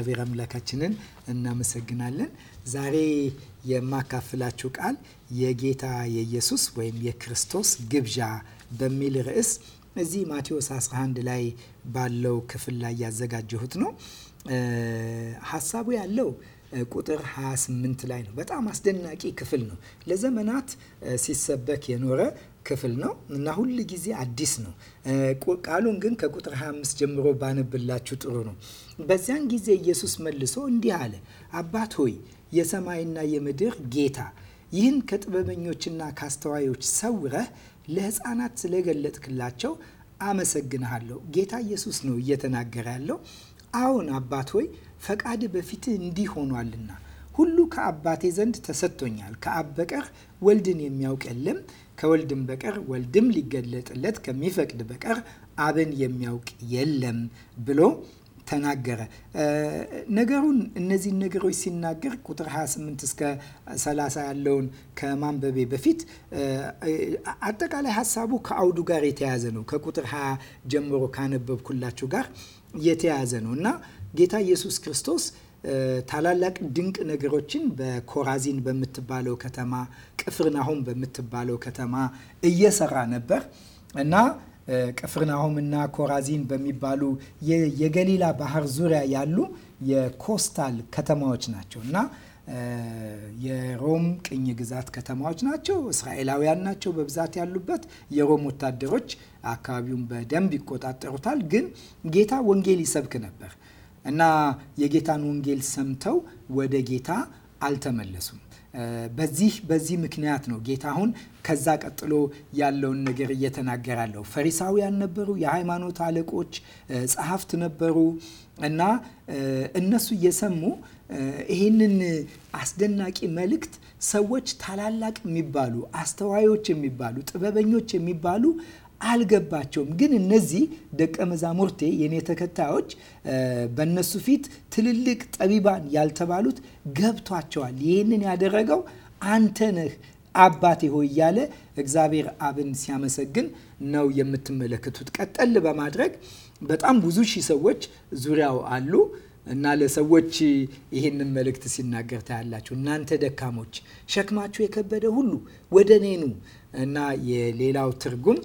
እግዚአብሔር አምላካችንን እናመሰግናለን። ዛሬ የማካፍላችሁ ቃል የጌታ የኢየሱስ ወይም የክርስቶስ ግብዣ በሚል ርዕስ እዚህ ማቴዎስ 11 ላይ ባለው ክፍል ላይ ያዘጋጀሁት ነው። ሀሳቡ ያለው ቁጥር 28 ላይ ነው። በጣም አስደናቂ ክፍል ነው። ለዘመናት ሲሰበክ የኖረ ክፍል ነው እና ሁል ጊዜ አዲስ ነው። ቃሉን ግን ከቁጥር 25 ጀምሮ ባነብላችሁ ጥሩ ነው። በዚያን ጊዜ ኢየሱስ መልሶ እንዲህ አለ፣ አባት ሆይ የሰማይና የምድር ጌታ ይህን ከጥበበኞችና ከአስተዋዮች ሰውረህ ለሕፃናት ስለገለጥክላቸው አመሰግንሃለሁ። ጌታ ኢየሱስ ነው እየተናገረ ያለው። አዎን አባት ሆይ ፈቃድ በፊትህ እንዲህ ሆኗልና ሁሉ ከአባቴ ዘንድ ተሰጥቶኛል። ከአብ በቀር ወልድን የሚያውቅ የለም ከወልድም በቀር ወልድም ሊገለጥለት ከሚፈቅድ በቀር አብን የሚያውቅ የለም ብሎ ተናገረ። ነገሩን እነዚህን ነገሮች ሲናገር ቁጥር 28 እስከ 30 ያለውን ከማንበቤ በፊት አጠቃላይ ሀሳቡ ከአውዱ ጋር የተያዘ ነው። ከቁጥር 20 ጀምሮ ካነበብኩላችሁ ጋር የተያዘ ነው እና ጌታ ኢየሱስ ክርስቶስ ታላላቅ ድንቅ ነገሮችን በኮራዚን በምትባለው ከተማ ቅፍርናሆም በምትባለው ከተማ እየሰራ ነበር እና ቅፍርናሆም እና ኮራዚን በሚባሉ የገሊላ ባህር ዙሪያ ያሉ የኮስታል ከተማዎች ናቸው እና የሮም ቅኝ ግዛት ከተማዎች ናቸው። እስራኤላውያን ናቸው በብዛት ያሉበት። የሮም ወታደሮች አካባቢውን በደንብ ይቆጣጠሩታል። ግን ጌታ ወንጌል ይሰብክ ነበር እና የጌታን ወንጌል ሰምተው ወደ ጌታ አልተመለሱም። በዚህ በዚህ ምክንያት ነው ጌታ አሁን ከዛ ቀጥሎ ያለውን ነገር እየተናገራለሁ። ፈሪሳውያን ነበሩ፣ የሃይማኖት አለቆች ጸሐፍት ነበሩ እና እነሱ እየሰሙ ይህንን አስደናቂ መልእክት ሰዎች ታላላቅ የሚባሉ አስተዋዮች የሚባሉ ጥበበኞች የሚባሉ አልገባቸውም። ግን እነዚህ ደቀ መዛሙርቴ የኔ ተከታዮች በእነሱ ፊት ትልልቅ ጠቢባን ያልተባሉት ገብቷቸዋል። ይህንን ያደረገው አንተ ነህ አባቴ ሆይ እያለ እግዚአብሔር አብን ሲያመሰግን ነው የምትመለከቱት። ቀጠል በማድረግ በጣም ብዙ ሺህ ሰዎች ዙሪያው አሉ እና ለሰዎች ይህንን መልእክት ሲናገር ታያላችሁ። እናንተ ደካሞች፣ ሸክማችሁ የከበደ ሁሉ ወደ እኔ ኑ እና የሌላው ትርጉም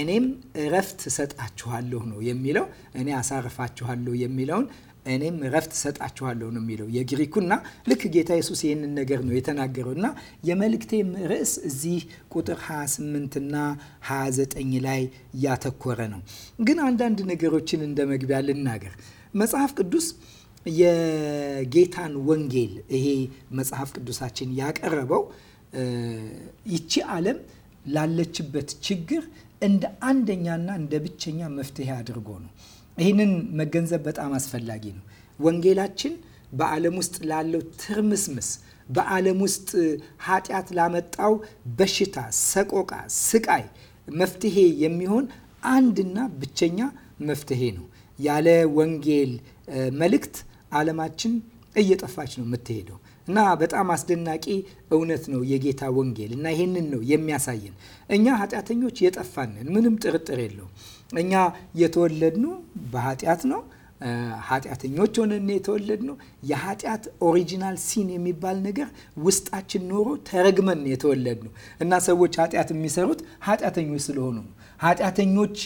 እኔም እረፍት እሰጣችኋለሁ ነው የሚለው። እኔ አሳርፋችኋለሁ የሚለውን እኔም እረፍት እሰጣችኋለሁ ነው የሚለው የግሪኩና ልክ ጌታ የሱስ ይህንን ነገር ነው የተናገረው እና የመልእክቴ ርዕስ እዚህ ቁጥር 28ና 29 ላይ ያተኮረ ነው። ግን አንዳንድ ነገሮችን እንደ መግቢያ ልናገር። መጽሐፍ ቅዱስ የጌታን ወንጌል ይሄ መጽሐፍ ቅዱሳችን ያቀረበው ይቺ ዓለም ላለችበት ችግር እንደ አንደኛና እንደ ብቸኛ መፍትሄ አድርጎ ነው። ይህንን መገንዘብ በጣም አስፈላጊ ነው። ወንጌላችን በዓለም ውስጥ ላለው ትርምስምስ፣ በዓለም ውስጥ ኃጢአት ላመጣው በሽታ፣ ሰቆቃ፣ ስቃይ መፍትሄ የሚሆን አንድና ብቸኛ መፍትሄ ነው። ያለ ወንጌል መልእክት ዓለማችን እየጠፋች ነው የምትሄደው። እና በጣም አስደናቂ እውነት ነው የጌታ ወንጌል እና ይሄንን ነው የሚያሳየን። እኛ ኃጢአተኞች የጠፋንን ምንም ጥርጥር የለውም። እኛ የተወለድኑ በኃጢአት ነው። ኃጢአተኞች ሆነን የተወለድነው የኃጢአት ኦሪጂናል ሲን የሚባል ነገር ውስጣችን ኖሮ ተረግመን የተወለድነው እና ሰዎች ኃጢአት የሚሰሩት ኃጢአተኞች ስለሆኑ ነው። ኃጢአተኞች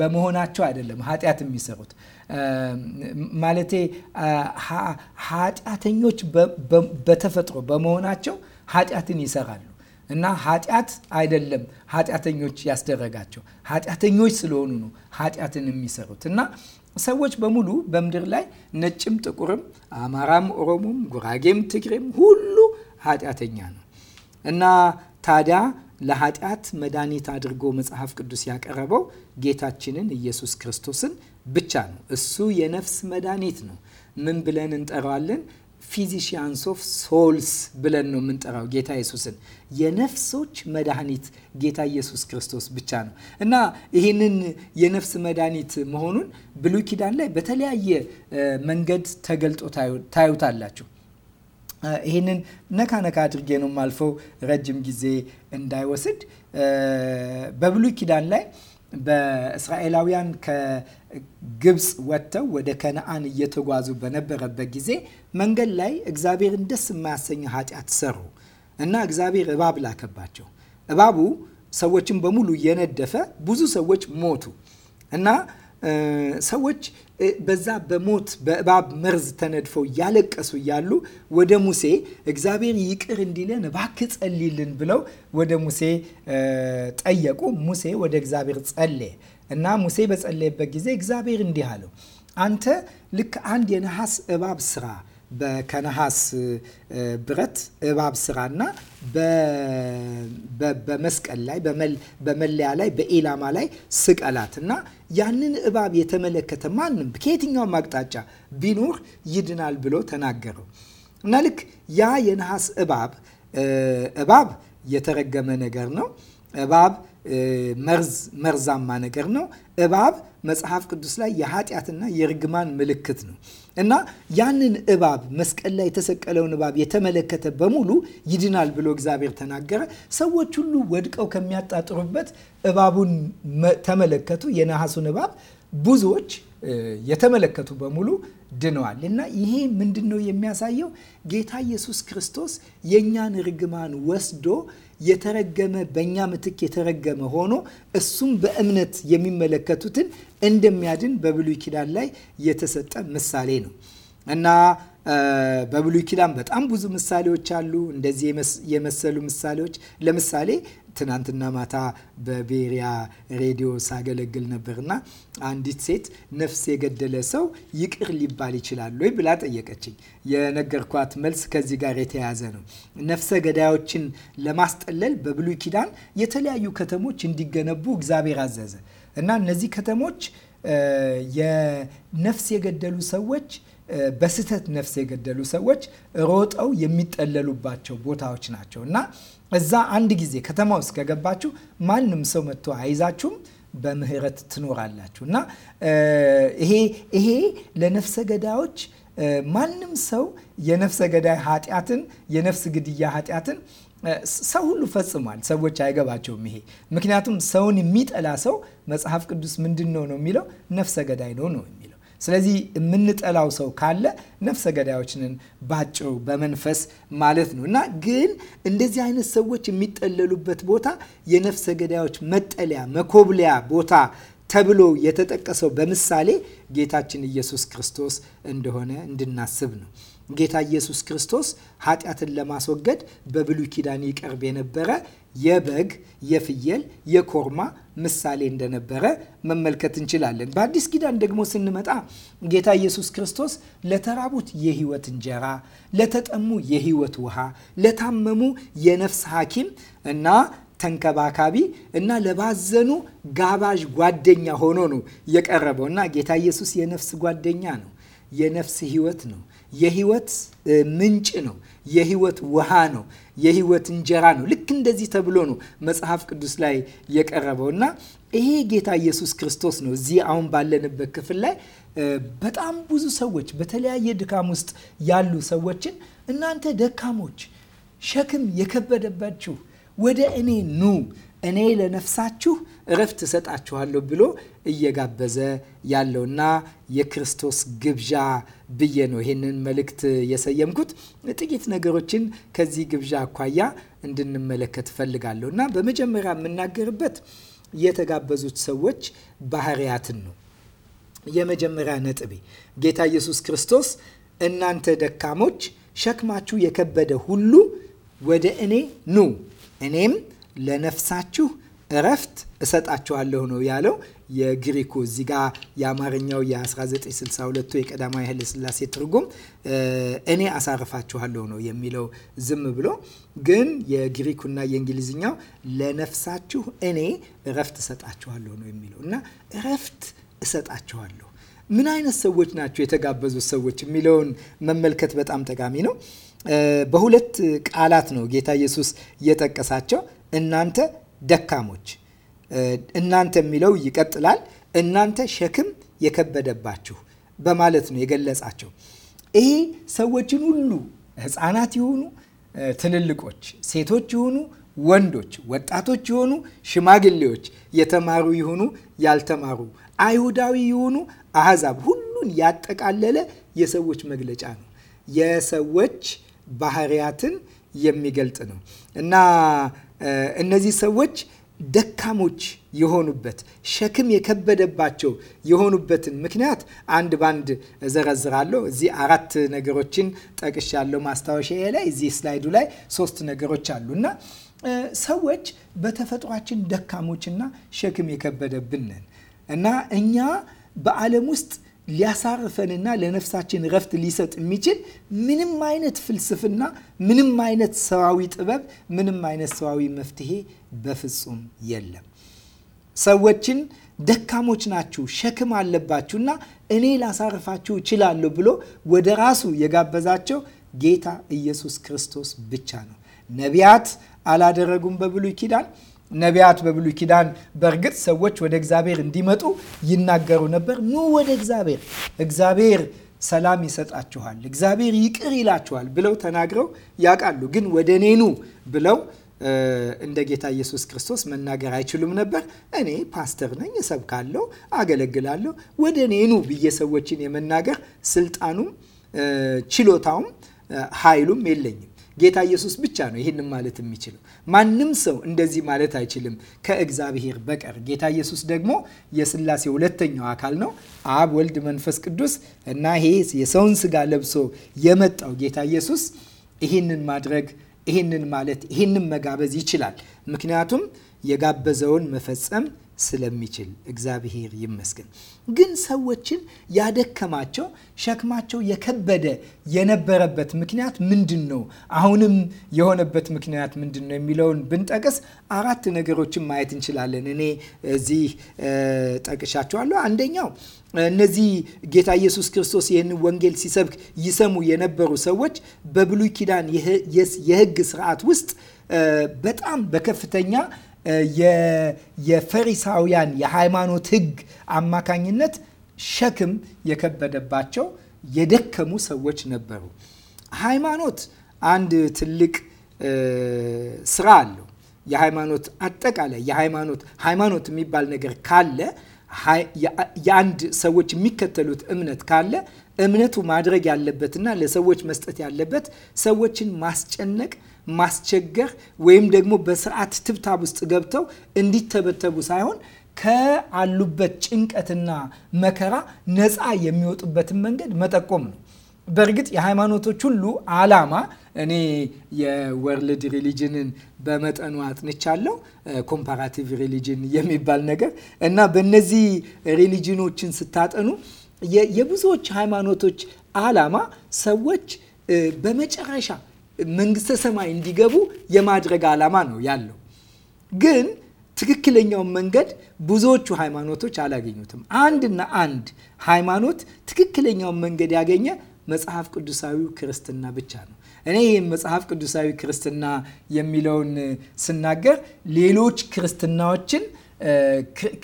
በመሆናቸው አይደለም ኃጢአት የሚሰሩት ማለቴ ኃጢአተኞች በተፈጥሮ በመሆናቸው ኃጢአትን ይሰራሉ እና ኃጢአት አይደለም ኃጢአተኞች ያስደረጋቸው ኃጢአተኞች ስለሆኑ ነው ኃጢአትን የሚሰሩት እና ሰዎች በሙሉ በምድር ላይ ነጭም፣ ጥቁርም፣ አማራም፣ ኦሮሞም፣ ጉራጌም፣ ትግሬም ሁሉ ኃጢአተኛ ነው እና ታዲያ ለኃጢአት መድኃኒት አድርጎ መጽሐፍ ቅዱስ ያቀረበው ጌታችንን ኢየሱስ ክርስቶስን ብቻ ነው። እሱ የነፍስ መድኃኒት ነው። ምን ብለን እንጠራዋለን? ፊዚሽያንስ ኦፍ ሶልስ ብለን ነው የምንጠራው ጌታ ኢየሱስን። የነፍሶች መድኃኒት ጌታ ኢየሱስ ክርስቶስ ብቻ ነው እና ይህንን የነፍስ መድኃኒት መሆኑን ብሉይ ኪዳን ላይ በተለያየ መንገድ ተገልጦ ታዩታላችሁ። ይህንን ነካ ነካ አድርጌ ነው የማልፈው ረጅም ጊዜ እንዳይወስድ በብሉይ ኪዳን ላይ በእስራኤላውያን ከግብፅ ወጥተው ወደ ከነአን እየተጓዙ በነበረበት ጊዜ መንገድ ላይ እግዚአብሔርን ደስ የማያሰኘ ኃጢአት ሰሩ እና እግዚአብሔር እባብ ላከባቸው። እባቡ ሰዎችን በሙሉ የነደፈ ብዙ ሰዎች ሞቱ እና ሰዎች በዛ በሞት በእባብ መርዝ ተነድፈው እያለቀሱ እያሉ ወደ ሙሴ እግዚአብሔር ይቅር እንዲለን እባክህ ጸልይልን ብለው ወደ ሙሴ ጠየቁ። ሙሴ ወደ እግዚአብሔር ጸለየ እና ሙሴ በጸለየበት ጊዜ እግዚአብሔር እንዲህ አለው፣ አንተ ልክ አንድ የነሐስ እባብ ስራ ከነሐስ ብረት እባብ ስራና በመስቀል ላይ በመለያ ላይ በኢላማ ላይ ስቀላት እና ያንን እባብ የተመለከተ ማንም ከየትኛውም አቅጣጫ ቢኖር ይድናል ብሎ ተናገረው እና ልክ ያ የነሐስ እባብ እባብ የተረገመ ነገር ነው። እባብ መርዝ መርዛማ ነገር ነው። እባብ መጽሐፍ ቅዱስ ላይ የኃጢአትና የርግማን ምልክት ነው። እና ያንን እባብ መስቀል ላይ የተሰቀለውን እባብ የተመለከተ በሙሉ ይድናል ብሎ እግዚአብሔር ተናገረ። ሰዎች ሁሉ ወድቀው ከሚያጣጥሩበት እባቡን ተመለከቱ፣ የነሐሱን እባብ ብዙዎች የተመለከቱ በሙሉ ድነዋል። እና ይሄ ምንድን ነው የሚያሳየው? ጌታ ኢየሱስ ክርስቶስ የእኛን ርግማን ወስዶ የተረገመ በእኛ ምትክ የተረገመ ሆኖ እሱም በእምነት የሚመለከቱትን እንደሚያድን በብሉይ ኪዳን ላይ የተሰጠ ምሳሌ ነው እና በብሉይ ኪዳን በጣም ብዙ ምሳሌዎች አሉ። እንደዚህ የመሰሉ ምሳሌዎች ለምሳሌ ትናንትና ማታ በቤሪያ ሬዲዮ ሳገለግል ነበርና አንዲት ሴት ነፍስ የገደለ ሰው ይቅር ሊባል ይችላል ወይ ብላ ጠየቀችኝ። የነገርኳት መልስ ከዚህ ጋር የተያያዘ ነው። ነፍሰ ገዳዮችን ለማስጠለል በብሉይ ኪዳን የተለያዩ ከተሞች እንዲገነቡ እግዚአብሔር አዘዘ እና እነዚህ ከተሞች የነፍስ የገደሉ ሰዎች በስህተት ነፍስ የገደሉ ሰዎች ሮጠው የሚጠለሉባቸው ቦታዎች ናቸው እና እዛ አንድ ጊዜ ከተማ ውስጥ ከገባችሁ ማንም ሰው መጥቶ አይዛችሁም። በምህረት ትኖራላችሁ እና ይሄ ይሄ ለነፍሰ ገዳዮች ማንም ሰው የነፍሰ ገዳይ ኃጢአትን የነፍስ ግድያ ኃጢአትን ሰው ሁሉ ፈጽሟል። ሰዎች አይገባቸውም ይሄ ምክንያቱም ሰውን የሚጠላ ሰው መጽሐፍ ቅዱስ ምንድን ነው ነው የሚለው ነፍሰ ገዳይ ነው ነው ስለዚህ የምንጠላው ሰው ካለ ነፍሰ ገዳዮችንን ባጭሩ በመንፈስ ማለት ነው። እና ግን እንደዚህ አይነት ሰዎች የሚጠለሉበት ቦታ የነፍሰ ገዳዮች መጠለያ መኮብለያ ቦታ ተብሎ የተጠቀሰው በምሳሌ ጌታችን ኢየሱስ ክርስቶስ እንደሆነ እንድናስብ ነው። ጌታ ኢየሱስ ክርስቶስ ኃጢአትን ለማስወገድ በብሉይ ኪዳን ይቀርብ የነበረ የበግ፣ የፍየል፣ የኮርማ ምሳሌ እንደነበረ መመልከት እንችላለን። በአዲስ ኪዳን ደግሞ ስንመጣ ጌታ ኢየሱስ ክርስቶስ ለተራቡት የህይወት እንጀራ፣ ለተጠሙ የህይወት ውሃ፣ ለታመሙ የነፍስ ሐኪም እና ተንከባካቢ እና ለባዘኑ ጋባዥ ጓደኛ ሆኖ ነው የቀረበው እና ጌታ ኢየሱስ የነፍስ ጓደኛ ነው። የነፍስ ህይወት ነው። የህይወት ምንጭ ነው። የህይወት ውሃ ነው። የህይወት እንጀራ ነው። እንደዚህ ተብሎ ነው መጽሐፍ ቅዱስ ላይ የቀረበው እና ይሄ ጌታ ኢየሱስ ክርስቶስ ነው እዚህ አሁን ባለንበት ክፍል ላይ በጣም ብዙ ሰዎች በተለያየ ድካም ውስጥ ያሉ ሰዎችን እናንተ ደካሞች፣ ሸክም የከበደባችሁ ወደ እኔ ኑ እኔ ለነፍሳችሁ እረፍት እሰጣችኋለሁ ብሎ እየጋበዘ ያለውና የክርስቶስ ግብዣ ብዬ ነው ይህንን መልእክት የሰየምኩት። ጥቂት ነገሮችን ከዚህ ግብዣ አኳያ እንድንመለከት ፈልጋለሁ እና በመጀመሪያ የምናገርበት የተጋበዙት ሰዎች ባህሪያትን ነው። የመጀመሪያ ነጥቤ ጌታ ኢየሱስ ክርስቶስ እናንተ ደካሞች፣ ሸክማችሁ የከበደ ሁሉ ወደ እኔ ኑ፣ እኔም ለነፍሳችሁ እረፍት እሰጣችኋለሁ ነው ያለው። የግሪኩ እዚህ ጋ የአማርኛው የ1962ቱ የቀዳማዊ ኃይለሥላሴ ትርጉም እኔ አሳርፋችኋለሁ ነው የሚለው ዝም ብሎ ግን የግሪኩና የእንግሊዝኛው ለነፍሳችሁ እኔ እረፍት እሰጣችኋለሁ ነው የሚለው እና እረፍት እሰጣችኋለሁ ምን አይነት ሰዎች ናቸው የተጋበዙት ሰዎች የሚለውን መመልከት በጣም ጠቃሚ ነው። በሁለት ቃላት ነው ጌታ ኢየሱስ የጠቀሳቸው እናንተ ደካሞች እናንተ የሚለው ይቀጥላል። እናንተ ሸክም የከበደባችሁ በማለት ነው የገለጻቸው። ይሄ ሰዎችን ሁሉ ህፃናት የሆኑ ትልልቆች፣ ሴቶች የሆኑ ወንዶች፣ ወጣቶች የሆኑ ሽማግሌዎች፣ የተማሩ የሆኑ ያልተማሩ፣ አይሁዳዊ የሆኑ አህዛብ፣ ሁሉን ያጠቃለለ የሰዎች መግለጫ ነው። የሰዎች ባህሪያትን የሚገልጥ ነው እና እነዚህ ሰዎች ደካሞች የሆኑበት ሸክም የከበደባቸው የሆኑበትን ምክንያት አንድ ባንድ ዘረዝራለሁ። እዚህ አራት ነገሮችን ጠቅሻለሁ ማስታወሻ ላይ። እዚህ ስላይዱ ላይ ሶስት ነገሮች አሉ እና ሰዎች በተፈጥሯችን ደካሞችና ሸክም የከበደብን ነን እና እኛ በዓለም ውስጥ ሊያሳርፈንና ለነፍሳችን ረፍት ሊሰጥ የሚችል ምንም አይነት ፍልስፍና፣ ምንም አይነት ሰዋዊ ጥበብ፣ ምንም አይነት ሰዋዊ መፍትሄ በፍጹም የለም። ሰዎችን ደካሞች ናችሁ፣ ሸክም አለባችሁና እኔ ላሳርፋችሁ እችላለሁ ብሎ ወደ ራሱ የጋበዛቸው ጌታ ኢየሱስ ክርስቶስ ብቻ ነው። ነቢያት አላደረጉም በብሉይ ኪዳን ነቢያት በብሉይ ኪዳን በእርግጥ ሰዎች ወደ እግዚአብሔር እንዲመጡ ይናገሩ ነበር። ኑ ወደ እግዚአብሔር፣ እግዚአብሔር ሰላም ይሰጣችኋል፣ እግዚአብሔር ይቅር ይላችኋል ብለው ተናግረው ያውቃሉ። ግን ወደ እኔ ኑ ብለው እንደ ጌታ ኢየሱስ ክርስቶስ መናገር አይችሉም ነበር። እኔ ፓስተር ነኝ፣ እሰብካለሁ፣ አገለግላለሁ፣ ወደ እኔ ኑ ብዬ ሰዎችን የመናገር ስልጣኑም ችሎታውም ኃይሉም የለኝም። ጌታ ኢየሱስ ብቻ ነው ይህንም ማለት የሚችለው። ማንም ሰው እንደዚህ ማለት አይችልም ከእግዚአብሔር በቀር። ጌታ ኢየሱስ ደግሞ የስላሴ ሁለተኛው አካል ነው፣ አብ፣ ወልድ፣ መንፈስ ቅዱስ እና ይሄ የሰውን ስጋ ለብሶ የመጣው ጌታ ኢየሱስ ይህንን ማድረግ ይህንን ማለት ይህንን መጋበዝ ይችላል። ምክንያቱም የጋበዘውን መፈጸም ስለሚችል እግዚአብሔር ይመስገን። ግን ሰዎችን ያደከማቸው ሸክማቸው የከበደ የነበረበት ምክንያት ምንድን ነው? አሁንም የሆነበት ምክንያት ምንድን ነው የሚለውን ብንጠቅስ አራት ነገሮችን ማየት እንችላለን። እኔ እዚህ ጠቅሻቸዋለሁ። አንደኛው እነዚህ ጌታ ኢየሱስ ክርስቶስ ይህንን ወንጌል ሲሰብክ ይሰሙ የነበሩ ሰዎች በብሉይ ኪዳን የሕግ ስርዓት ውስጥ በጣም በከፍተኛ የፈሪሳውያን የሃይማኖት ህግ አማካኝነት ሸክም የከበደባቸው የደከሙ ሰዎች ነበሩ። ሃይማኖት አንድ ትልቅ ስራ አለው። የሃይማኖት አጠቃላይ የሃይማኖት ሃይማኖት የሚባል ነገር ካለ የአንድ ሰዎች የሚከተሉት እምነት ካለ እምነቱ ማድረግ ያለበትና ለሰዎች መስጠት ያለበት ሰዎችን ማስጨነቅ፣ ማስቸገር ወይም ደግሞ በስርዓት ትብታብ ውስጥ ገብተው እንዲተበተቡ ሳይሆን ከአሉበት ጭንቀትና መከራ ነፃ የሚወጡበትን መንገድ መጠቆም ነው። በእርግጥ የሃይማኖቶች ሁሉ አላማ እኔ የወርልድ ሪሊጅንን በመጠኑ አጥንቻለሁ፣ ኮምፓራቲቭ ሪሊጅን የሚባል ነገር እና በእነዚህ ሪሊጅኖችን ስታጠኑ የብዙዎች ሃይማኖቶች ዓላማ ሰዎች በመጨረሻ መንግስተ ሰማይ እንዲገቡ የማድረግ ዓላማ ነው ያለው። ግን ትክክለኛውን መንገድ ብዙዎቹ ሃይማኖቶች አላገኙትም። አንድና አንድ ሃይማኖት ትክክለኛውን መንገድ ያገኘ መጽሐፍ ቅዱሳዊው ክርስትና ብቻ ነው። እኔ ይህም መጽሐፍ ቅዱሳዊ ክርስትና የሚለውን ስናገር ሌሎች ክርስትናዎችን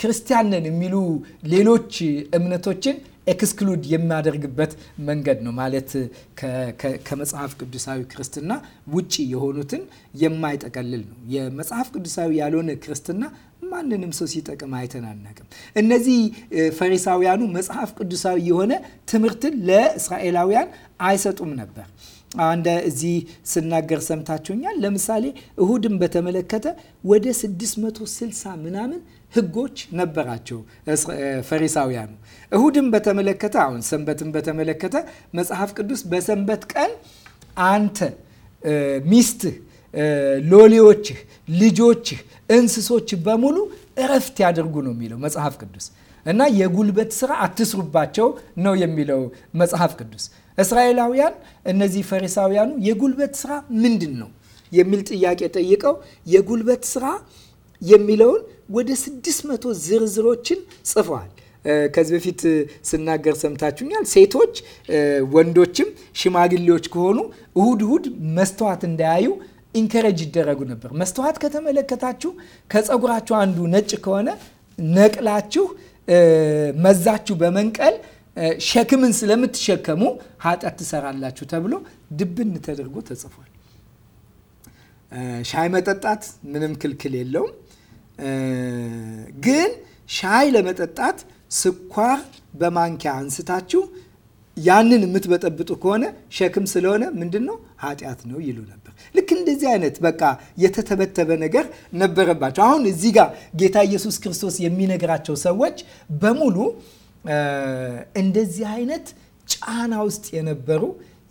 ክርስቲያንን የሚሉ ሌሎች እምነቶችን ኤክስክሉድ የሚያደርግበት መንገድ ነው። ማለት ከመጽሐፍ ቅዱሳዊ ክርስትና ውጪ የሆኑትን የማይጠቀልል ነው። የመጽሐፍ ቅዱሳዊ ያልሆነ ክርስትና ማንንም ሰው ሲጠቅም አይተናነቅም። እነዚህ ፈሪሳውያኑ መጽሐፍ ቅዱሳዊ የሆነ ትምህርትን ለእስራኤላውያን አይሰጡም ነበር። አንደ እዚህ ስናገር ሰምታችሁኛል። ለምሳሌ እሁድን በተመለከተ ወደ 660 ምናምን ህጎች ነበራቸው ፈሪሳውያኑ። እሁድን በተመለከተ አሁን ሰንበትን በተመለከተ መጽሐፍ ቅዱስ በሰንበት ቀን አንተ፣ ሚስትህ፣ ሎሌዎችህ፣ ልጆችህ፣ እንስሶች በሙሉ እረፍት ያደርጉ ነው የሚለው መጽሐፍ ቅዱስ እና የጉልበት ስራ አትስሩባቸው ነው የሚለው መጽሐፍ ቅዱስ። እስራኤላውያን እነዚህ ፈሪሳውያኑ የጉልበት ስራ ምንድን ነው የሚል ጥያቄ ጠይቀው የጉልበት ስራ የሚለውን ወደ 600 መቶ ዝርዝሮችን ጽፈዋል። ከዚህ በፊት ስናገር ሰምታችሁኛል። ሴቶች፣ ወንዶችም ሽማግሌዎች ከሆኑ እሁድ እሁድ መስተዋት እንዳያዩ ኢንከረጅ ይደረጉ ነበር። መስተዋት ከተመለከታችሁ ከፀጉራችሁ አንዱ ነጭ ከሆነ ነቅላችሁ መዛችሁ በመንቀል ሸክምን ስለምትሸከሙ ኃጢአት ትሰራላችሁ ተብሎ ድብን ተደርጎ ተጽፏል። ሻይ መጠጣት ምንም ክልክል የለውም። ግን ሻይ ለመጠጣት ስኳር በማንኪያ አንስታችሁ ያንን የምትበጠብጡ ከሆነ ሸክም ስለሆነ ምንድን ነው ኃጢአት ነው ይሉ ነበር። ልክ እንደዚህ አይነት በቃ የተተበተበ ነገር ነበረባቸው። አሁን እዚህ ጋር ጌታ ኢየሱስ ክርስቶስ የሚነግራቸው ሰዎች በሙሉ እንደዚህ አይነት ጫና ውስጥ የነበሩ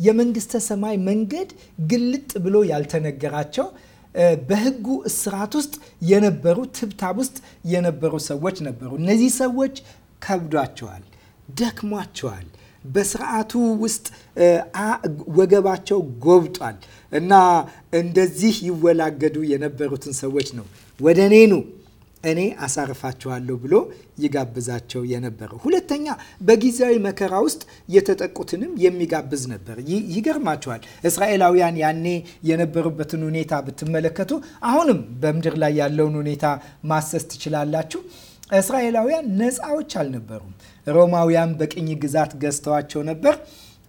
የመንግስተ ሰማይ መንገድ ግልጥ ብሎ ያልተነገራቸው በህጉ እስራት ውስጥ የነበሩ ትብታብ ውስጥ የነበሩ ሰዎች ነበሩ። እነዚህ ሰዎች ከብዷቸዋል፣ ደክሟቸዋል በስርዓቱ ውስጥ ወገባቸው ጎብጧል እና እንደዚህ ይወላገዱ የነበሩትን ሰዎች ነው ወደ እኔ ኑ እኔ አሳርፋቸዋለሁ ብሎ ይጋብዛቸው የነበረው። ሁለተኛ በጊዜያዊ መከራ ውስጥ የተጠቁትንም የሚጋብዝ ነበር። ይገርማቸዋል እስራኤላውያን ያኔ የነበሩበትን ሁኔታ ብትመለከቱ፣ አሁንም በምድር ላይ ያለውን ሁኔታ ማሰስ ትችላላችሁ። እስራኤላውያን ነፃዎች አልነበሩም። ሮማውያን በቅኝ ግዛት ገዝተዋቸው ነበር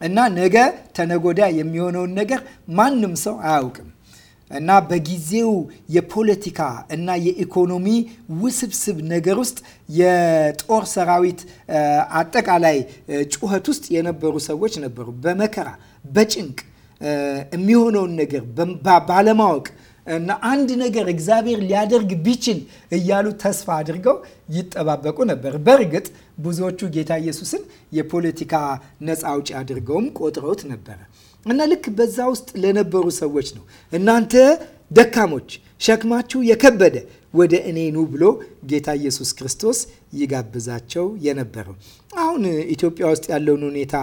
እና ነገ ተነጎዳ የሚሆነውን ነገር ማንም ሰው አያውቅም እና በጊዜው የፖለቲካ እና የኢኮኖሚ ውስብስብ ነገር ውስጥ የጦር ሰራዊት አጠቃላይ ጩኸት ውስጥ የነበሩ ሰዎች ነበሩ። በመከራ በጭንቅ የሚሆነውን ነገር ባለማወቅ እና አንድ ነገር እግዚአብሔር ሊያደርግ ቢችል እያሉ ተስፋ አድርገው ይጠባበቁ ነበር። በእርግጥ ብዙዎቹ ጌታ ኢየሱስን የፖለቲካ ነፃ አውጪ አድርገውም ቆጥረውት ነበረ እና ልክ በዛ ውስጥ ለነበሩ ሰዎች ነው እናንተ ደካሞች፣ ሸክማችሁ የከበደ ወደ እኔ ኑ ብሎ ጌታ ኢየሱስ ክርስቶስ ይጋብዛቸው የነበረው። አሁን ኢትዮጵያ ውስጥ ያለውን ሁኔታ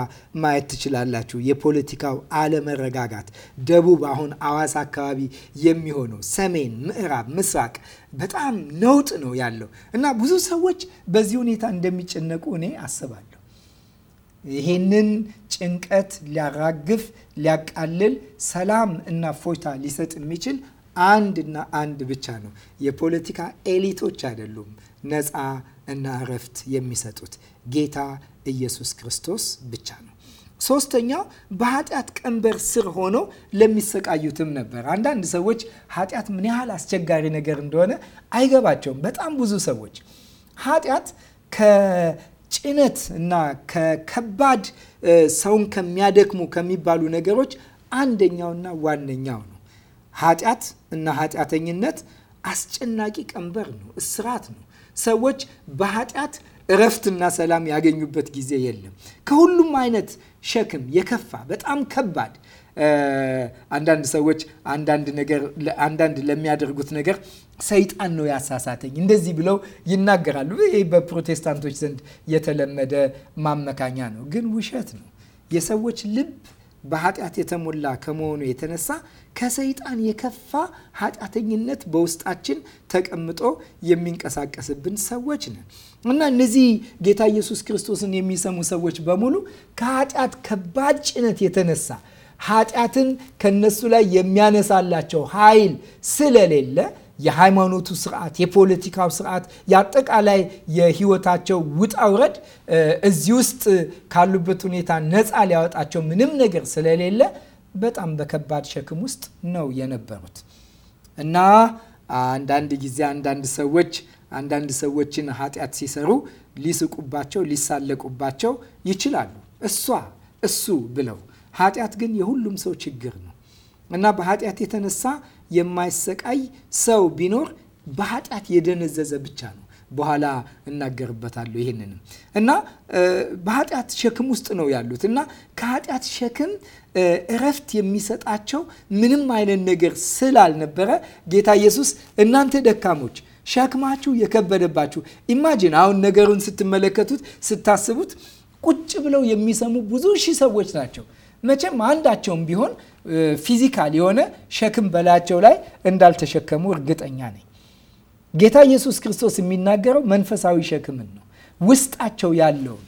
ማየት ትችላላችሁ። የፖለቲካው አለመረጋጋት፣ ደቡብ አሁን አዋሳ አካባቢ የሚሆነው ሰሜን፣ ምዕራብ፣ ምስራቅ በጣም ነውጥ ነው ያለው እና ብዙ ሰዎች በዚህ ሁኔታ እንደሚጨነቁ እኔ አስባለሁ። ይህንን ጭንቀት ሊያራግፍ ሊያቃልል፣ ሰላም እና ፎይታ ሊሰጥ የሚችል አንድ እና አንድ ብቻ ነው። የፖለቲካ ኤሊቶች አይደሉም ነፃ እና እረፍት የሚሰጡት ጌታ ኢየሱስ ክርስቶስ ብቻ ነው። ሶስተኛው በኃጢአት ቀንበር ስር ሆነው ለሚሰቃዩትም ነበር። አንዳንድ ሰዎች ኃጢአት ምን ያህል አስቸጋሪ ነገር እንደሆነ አይገባቸውም። በጣም ብዙ ሰዎች ኃጢአት ከጭነት እና ከከባድ ሰውን ከሚያደክሙ ከሚባሉ ነገሮች አንደኛውና ዋነኛው ነው። ኃጢአት እና ኃጢአተኝነት አስጨናቂ ቀንበር ነው፣ እስራት ነው። ሰዎች በኃጢአት እረፍትና ሰላም ያገኙበት ጊዜ የለም። ከሁሉም አይነት ሸክም የከፋ በጣም ከባድ አንዳንድ ሰዎች አንዳንድ ነገር አንዳንድ ለሚያደርጉት ነገር ሰይጣን ነው ያሳሳተኝ እንደዚህ ብለው ይናገራሉ። ይህ በፕሮቴስታንቶች ዘንድ የተለመደ ማመካኛ ነው፣ ግን ውሸት ነው። የሰዎች ልብ በኃጢአት የተሞላ ከመሆኑ የተነሳ ከሰይጣን የከፋ ኃጢአተኝነት በውስጣችን ተቀምጦ የሚንቀሳቀስብን ሰዎች ነን እና እነዚህ ጌታ ኢየሱስ ክርስቶስን የሚሰሙ ሰዎች በሙሉ ከኃጢአት ከባድ ጭነት የተነሳ ኃጢአትን ከነሱ ላይ የሚያነሳላቸው ኃይል ስለሌለ የሃይማኖቱ ስርዓት፣ የፖለቲካው ስርዓት፣ የአጠቃላይ የህይወታቸው ውጣውረድ እዚህ ውስጥ ካሉበት ሁኔታ ነፃ ሊያወጣቸው ምንም ነገር ስለሌለ በጣም በከባድ ሸክም ውስጥ ነው የነበሩት እና አንዳንድ ጊዜ አንዳንድ ሰዎች አንዳንድ ሰዎችን ኃጢአት ሲሰሩ ሊስቁባቸው፣ ሊሳለቁባቸው ይችላሉ። እሷ እሱ ብለው ኃጢአት ግን የሁሉም ሰው ችግር ነው እና በኃጢአት የተነሳ የማይሰቃይ ሰው ቢኖር በኃጢአት የደነዘዘ ብቻ ነው። በኋላ እናገርበታለሁ ይህንንም እና በኃጢአት ሸክም ውስጥ ነው ያሉት እና ከኃጢአት ሸክም እረፍት የሚሰጣቸው ምንም አይነት ነገር ስላልነበረ ጌታ ኢየሱስ እናንተ ደካሞች ሸክማችሁ የከበደባችሁ ኢማጂን አሁን ነገሩን ስትመለከቱት ስታስቡት ቁጭ ብለው የሚሰሙ ብዙ ሺህ ሰዎች ናቸው። መቼም አንዳቸውም ቢሆን ፊዚካል የሆነ ሸክም በላያቸው ላይ እንዳልተሸከሙ እርግጠኛ ነኝ። ጌታ ኢየሱስ ክርስቶስ የሚናገረው መንፈሳዊ ሸክምን ነው። ውስጣቸው ያለውን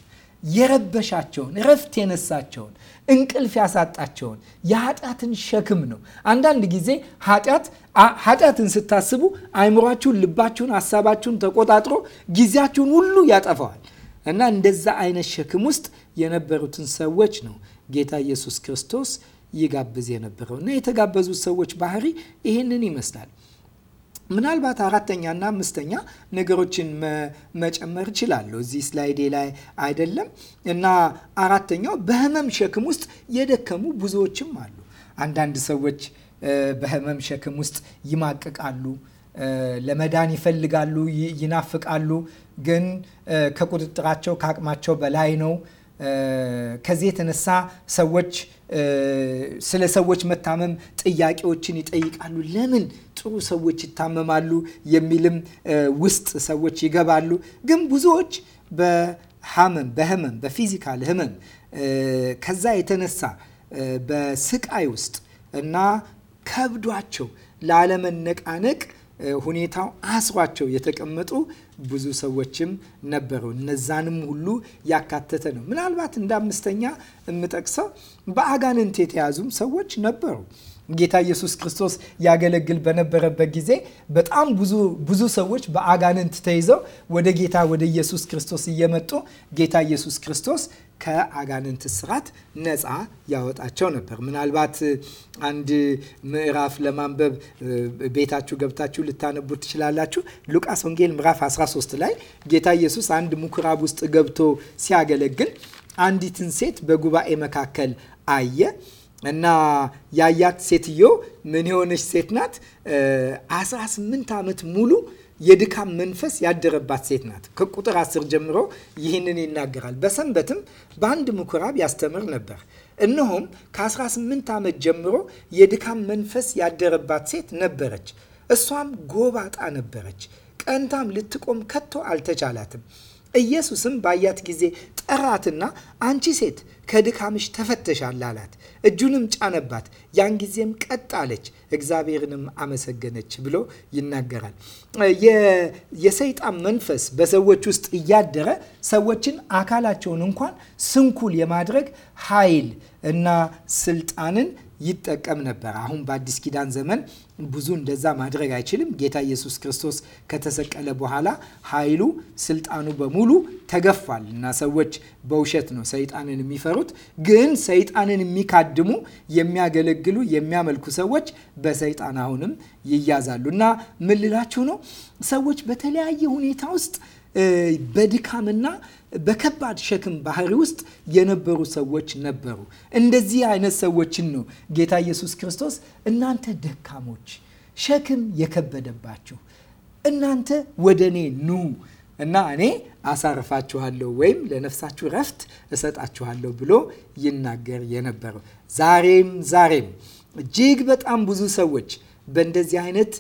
የረበሻቸውን፣ እረፍት የነሳቸውን፣ እንቅልፍ ያሳጣቸውን የኃጢአትን ሸክም ነው። አንዳንድ ጊዜ ኃጢአትን ስታስቡ አይምሯችሁን፣ ልባችሁን፣ ሀሳባችሁን ተቆጣጥሮ ጊዜያችሁን ሁሉ ያጠፋዋል እና እንደዛ አይነት ሸክም ውስጥ የነበሩትን ሰዎች ነው ጌታ ኢየሱስ ክርስቶስ ይጋብዝ የነበረው እና የተጋበዙት ሰዎች ባህሪ ይህንን ይመስላል። ምናልባት አራተኛና አምስተኛ ነገሮችን መጨመር እችላለሁ። እዚህ ስላይዴ ላይ አይደለም እና አራተኛው በህመም ሸክም ውስጥ የደከሙ ብዙዎችም አሉ። አንዳንድ ሰዎች በህመም ሸክም ውስጥ ይማቅቃሉ፣ ለመዳን ይፈልጋሉ፣ ይናፍቃሉ፣ ግን ከቁጥጥራቸው ከአቅማቸው በላይ ነው። ከዚህ የተነሳ ሰዎች ስለ ሰዎች መታመም ጥያቄዎችን ይጠይቃሉ። ለምን ጥሩ ሰዎች ይታመማሉ የሚልም ውስጥ ሰዎች ይገባሉ። ግን ብዙዎች በሐመም በህመም በፊዚካል ህመም ከዛ የተነሳ በስቃይ ውስጥ እና ከብዷቸው ላለመነቃነቅ ሁኔታው አስሯቸው የተቀመጡ ብዙ ሰዎችም ነበሩ። እነዛንም ሁሉ ያካተተ ነው። ምናልባት እንደ አምስተኛ የምጠቅሰው በአጋንንት የተያዙም ሰዎች ነበሩ። ጌታ ኢየሱስ ክርስቶስ ያገለግል በነበረበት ጊዜ በጣም ብዙ ብዙ ሰዎች በአጋንንት ተይዘው ወደ ጌታ ወደ ኢየሱስ ክርስቶስ እየመጡ ጌታ ኢየሱስ ክርስቶስ ከአጋንንት ስራት ነፃ ያወጣቸው ነበር። ምናልባት አንድ ምዕራፍ ለማንበብ ቤታችሁ ገብታችሁ ልታነቡ ትችላላችሁ። ሉቃስ ወንጌል ምዕራፍ 13 ላይ ጌታ ኢየሱስ አንድ ምኩራብ ውስጥ ገብቶ ሲያገለግል አንዲትን ሴት በጉባኤ መካከል አየ እና ያያት ሴትዮ ምን የሆነች ሴት ናት? 18 ዓመት ሙሉ የድካም መንፈስ ያደረባት ሴት ናት። ከቁጥር አስር ጀምሮ ይህንን ይናገራል። በሰንበትም በአንድ ምኩራብ ያስተምር ነበር። እነሆም ከ18 ዓመት ጀምሮ የድካም መንፈስ ያደረባት ሴት ነበረች። እሷም ጎባጣ ነበረች፣ ቀንታም ልትቆም ከቶ አልተቻላትም። ኢየሱስም ባያት ጊዜ ጠራትና አንቺ ሴት ከድካምሽ ተፈተሻል አላት። እጁንም ጫነባት፣ ያን ጊዜም ቀጥ አለች፣ እግዚአብሔርንም አመሰገነች ብሎ ይናገራል። የሰይጣን መንፈስ በሰዎች ውስጥ እያደረ ሰዎችን አካላቸውን እንኳን ስንኩል የማድረግ ኃይል እና ስልጣንን ይጠቀም ነበር። አሁን በአዲስ ኪዳን ዘመን ብዙ እንደዛ ማድረግ አይችልም። ጌታ ኢየሱስ ክርስቶስ ከተሰቀለ በኋላ ኃይሉ፣ ስልጣኑ በሙሉ ተገፏል እና ሰዎች በውሸት ነው ሰይጣንን የሚፈሩት። ግን ሰይጣንን የሚካድሙ የሚያገለግሉ፣ የሚያመልኩ ሰዎች በሰይጣን አሁንም ይያዛሉ እና ምን ነው ሰዎች በተለያየ ሁኔታ ውስጥ በድካምና በከባድ ሸክም ባህሪ ውስጥ የነበሩ ሰዎች ነበሩ። እንደዚህ አይነት ሰዎችን ነው ጌታ ኢየሱስ ክርስቶስ እናንተ ደካሞች፣ ሸክም የከበደባችሁ እናንተ ወደ እኔ ኑ እና እኔ አሳርፋችኋለሁ ወይም ለነፍሳችሁ ረፍት እሰጣችኋለሁ ብሎ ይናገር የነበረው ዛሬም ዛሬም እጅግ በጣም ብዙ ሰዎች በእንደዚህ አይነት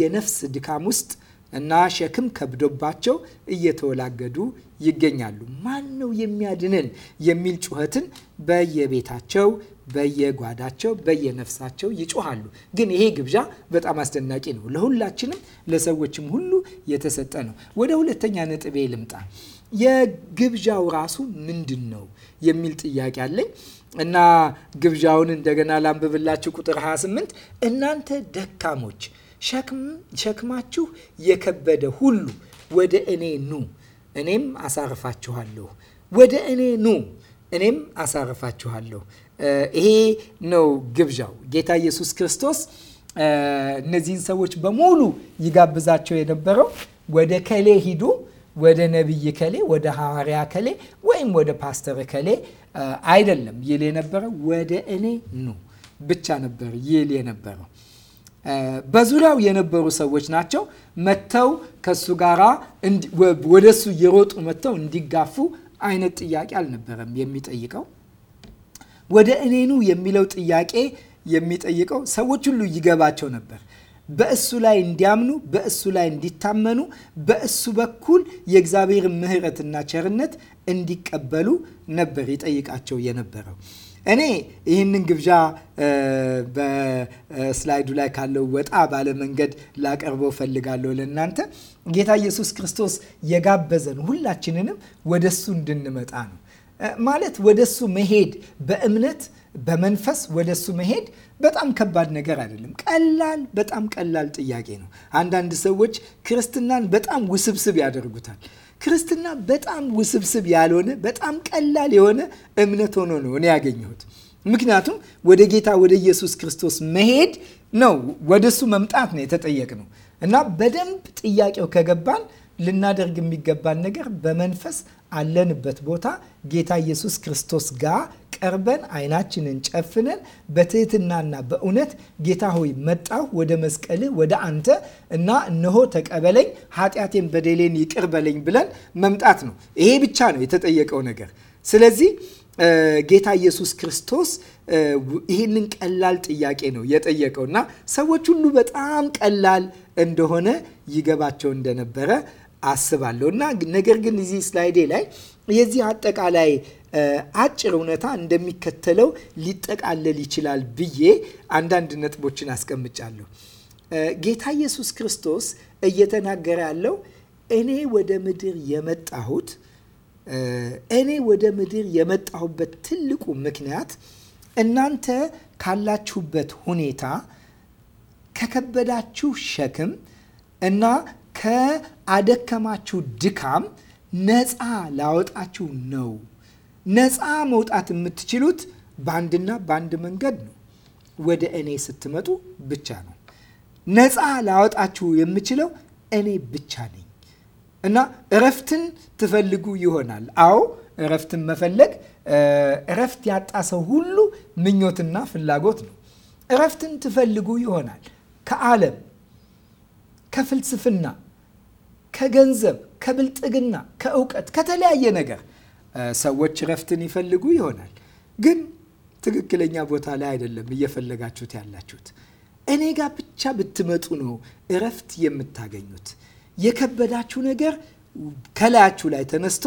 የነፍስ ድካም ውስጥ እና ሸክም ከብዶባቸው እየተወላገዱ ይገኛሉ። ማን ነው የሚያድንን የሚል ጩኸትን በየቤታቸው በየጓዳቸው በየነፍሳቸው ይጮሃሉ። ግን ይሄ ግብዣ በጣም አስደናቂ ነው። ለሁላችንም ለሰዎችም ሁሉ የተሰጠ ነው። ወደ ሁለተኛ ነጥቤ ልምጣ። የግብዣው ራሱ ምንድን ነው የሚል ጥያቄ አለኝ እና ግብዣውን እንደገና ላንብብላችሁ። ቁጥር 28 እናንተ ደካሞች ሸክማችሁ የከበደ ሁሉ ወደ እኔ ኑ፣ እኔም አሳርፋችኋለሁ። ወደ እኔ ኑ፣ እኔም አሳርፋችኋለሁ። ይሄ ነው ግብዣው። ጌታ ኢየሱስ ክርስቶስ እነዚህን ሰዎች በሙሉ ይጋብዛቸው የነበረው ወደ ከሌ ሂዱ፣ ወደ ነቢይ ከሌ፣ ወደ ሐዋርያ ከሌ ወይም ወደ ፓስተር ከሌ አይደለም ይል የነበረው ወደ እኔ ኑ ብቻ ነበር ይል የነበረው። በዙሪያው የነበሩ ሰዎች ናቸው መጥተው ከሱ ጋራ ወደ እሱ እየሮጡ መጥተው እንዲጋፉ አይነት ጥያቄ አልነበረም የሚጠይቀው። ወደ እኔኑ የሚለው ጥያቄ የሚጠይቀው ሰዎች ሁሉ ይገባቸው ነበር በእሱ ላይ እንዲያምኑ፣ በእሱ ላይ እንዲታመኑ፣ በእሱ በኩል የእግዚአብሔር ምሕረትና ቸርነት እንዲቀበሉ ነበር ይጠይቃቸው የነበረው። እኔ ይህንን ግብዣ በስላይዱ ላይ ካለው ወጣ ባለ መንገድ ላቀርበው ፈልጋለሁ ለእናንተ ጌታ ኢየሱስ ክርስቶስ የጋበዘን ሁላችንንም ወደሱ እንድንመጣ ነው። ማለት ወደሱ መሄድ በእምነት በመንፈስ ወደሱ መሄድ በጣም ከባድ ነገር አይደለም። ቀላል በጣም ቀላል ጥያቄ ነው። አንዳንድ ሰዎች ክርስትናን በጣም ውስብስብ ያደርጉታል። ክርስትና በጣም ውስብስብ ያልሆነ በጣም ቀላል የሆነ እምነት ሆኖ ነው እኔ ያገኘሁት። ምክንያቱም ወደ ጌታ ወደ ኢየሱስ ክርስቶስ መሄድ ነው፣ ወደ እሱ መምጣት ነው የተጠየቅነው እና በደንብ ጥያቄው ከገባን ልናደርግ የሚገባን ነገር በመንፈስ አለንበት ቦታ ጌታ ኢየሱስ ክርስቶስ ጋር ቀርበን አይናችንን ጨፍነን በትህትናና በእውነት ጌታ ሆይ መጣሁ ወደ መስቀልህ ወደ አንተ እና እነሆ ተቀበለኝ፣ ኃጢአቴን በደሌን ይቅርበለኝ ብለን መምጣት ነው። ይሄ ብቻ ነው የተጠየቀው ነገር። ስለዚህ ጌታ ኢየሱስ ክርስቶስ ይህንን ቀላል ጥያቄ ነው የጠየቀው እና ሰዎች ሁሉ በጣም ቀላል እንደሆነ ይገባቸው እንደነበረ አስባለሁ እና ነገር ግን እዚህ ስላይዴ ላይ የዚህ አጠቃላይ አጭር እውነታ እንደሚከተለው ሊጠቃለል ይችላል ብዬ አንዳንድ ነጥቦችን አስቀምጫለሁ። ጌታ ኢየሱስ ክርስቶስ እየተናገረ ያለው እኔ ወደ ምድር የመጣሁት እኔ ወደ ምድር የመጣሁበት ትልቁ ምክንያት እናንተ ካላችሁበት ሁኔታ ከከበዳችሁ ሸክም እና ከአደከማችሁ ድካም ነፃ ላወጣችሁ ነው። ነፃ መውጣት የምትችሉት በአንድና በአንድ መንገድ ነው፣ ወደ እኔ ስትመጡ ብቻ ነው። ነፃ ላወጣችሁ የምችለው እኔ ብቻ ነኝ እና እረፍትን ትፈልጉ ይሆናል። አዎ እረፍትን መፈለግ እረፍት ያጣ ሰው ሁሉ ምኞትና ፍላጎት ነው። እረፍትን ትፈልጉ ይሆናል ከዓለም ከፍልስፍና ከገንዘብ፣ ከብልጥግና፣ ከእውቀት፣ ከተለያየ ነገር ሰዎች እረፍትን ይፈልጉ ይሆናል። ግን ትክክለኛ ቦታ ላይ አይደለም እየፈለጋችሁት ያላችሁት። እኔ ጋር ብቻ ብትመጡ ነው እረፍት የምታገኙት። የከበዳችሁ ነገር ከላያችሁ ላይ ተነስቶ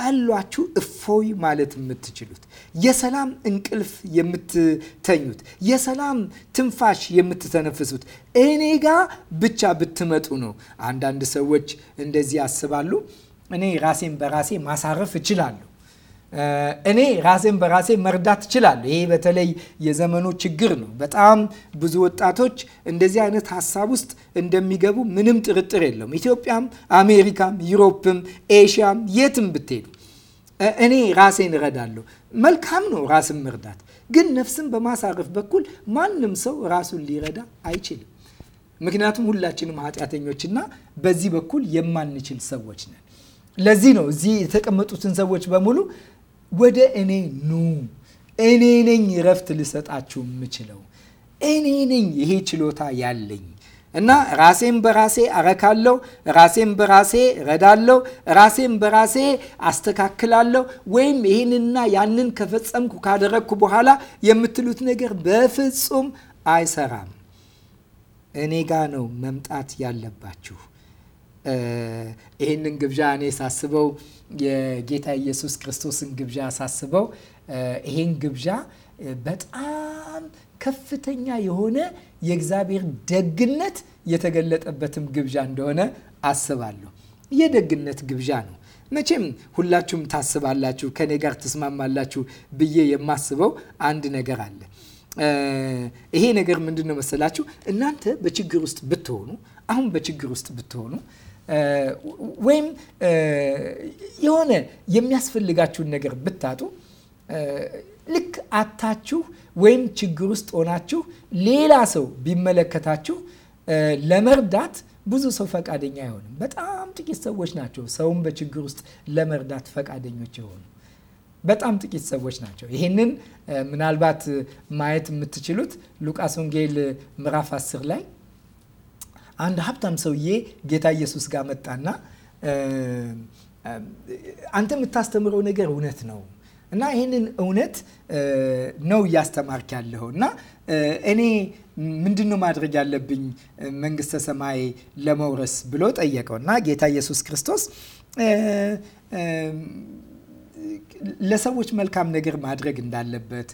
ቀሏችሁ እፎይ ማለት የምትችሉት የሰላም እንቅልፍ የምትተኙት የሰላም ትንፋሽ የምትተነፍሱት እኔ ጋ ብቻ ብትመጡ ነው። አንዳንድ ሰዎች እንደዚህ ያስባሉ። እኔ ራሴን በራሴ ማሳረፍ እችላለሁ እኔ ራሴን በራሴ መርዳት እችላለሁ። ይሄ በተለይ የዘመኑ ችግር ነው። በጣም ብዙ ወጣቶች እንደዚህ አይነት ሀሳብ ውስጥ እንደሚገቡ ምንም ጥርጥር የለውም። ኢትዮጵያም፣ አሜሪካም፣ ዩሮፕም፣ ኤሽያም የትም ብትሄዱ እኔ ራሴን እረዳለሁ። መልካም ነው ራስን መርዳት፣ ግን ነፍስን በማሳረፍ በኩል ማንም ሰው ራሱን ሊረዳ አይችልም። ምክንያቱም ሁላችንም ኃጢአተኞችና በዚህ በኩል የማንችል ሰዎች ነን። ለዚህ ነው እዚህ የተቀመጡትን ሰዎች በሙሉ ወደ እኔ ኑ፣ እኔ ነኝ እረፍት ልሰጣችሁ የምችለው፣ እኔ ነኝ ይሄ ችሎታ ያለኝ እና ራሴን በራሴ አረካለሁ፣ ራሴን በራሴ ረዳለሁ፣ ራሴን በራሴ አስተካክላለሁ፣ ወይም ይህንና ያንን ከፈጸምኩ ካደረግኩ በኋላ የምትሉት ነገር በፍጹም አይሰራም። እኔ ጋ ነው መምጣት ያለባችሁ። ይህንን ግብዣ እኔ ሳስበው የጌታ ኢየሱስ ክርስቶስን ግብዣ ሳስበው ይህን ግብዣ በጣም ከፍተኛ የሆነ የእግዚአብሔር ደግነት የተገለጠበትም ግብዣ እንደሆነ አስባለሁ። የደግነት ግብዣ ነው። መቼም ሁላችሁም ታስባላችሁ፣ ከኔ ጋር ትስማማላችሁ ብዬ የማስበው አንድ ነገር አለ። ይሄ ነገር ምንድን ነው መሰላችሁ? እናንተ በችግር ውስጥ ብትሆኑ አሁን በችግር ውስጥ ብትሆኑ ወይም የሆነ የሚያስፈልጋችሁን ነገር ብታጡ ልክ አታችሁ ወይም ችግር ውስጥ ሆናችሁ ሌላ ሰው ቢመለከታችሁ ለመርዳት ብዙ ሰው ፈቃደኛ አይሆንም። በጣም ጥቂት ሰዎች ናቸው ሰውን በችግር ውስጥ ለመርዳት ፈቃደኞች የሆኑ በጣም ጥቂት ሰዎች ናቸው። ይህንን ምናልባት ማየት የምትችሉት ሉቃስ ወንጌል ምዕራፍ 10 ላይ አንድ ሀብታም ሰውዬ ጌታ ኢየሱስ ጋር መጣና አንተ የምታስተምረው ነገር እውነት ነው እና ይህንን እውነት ነው እያስተማርክ ያለው እና እኔ ምንድን ነው ማድረግ ያለብኝ መንግስተ ሰማይ ለመውረስ ብሎ ጠየቀው እና ጌታ ኢየሱስ ክርስቶስ ለሰዎች መልካም ነገር ማድረግ እንዳለበት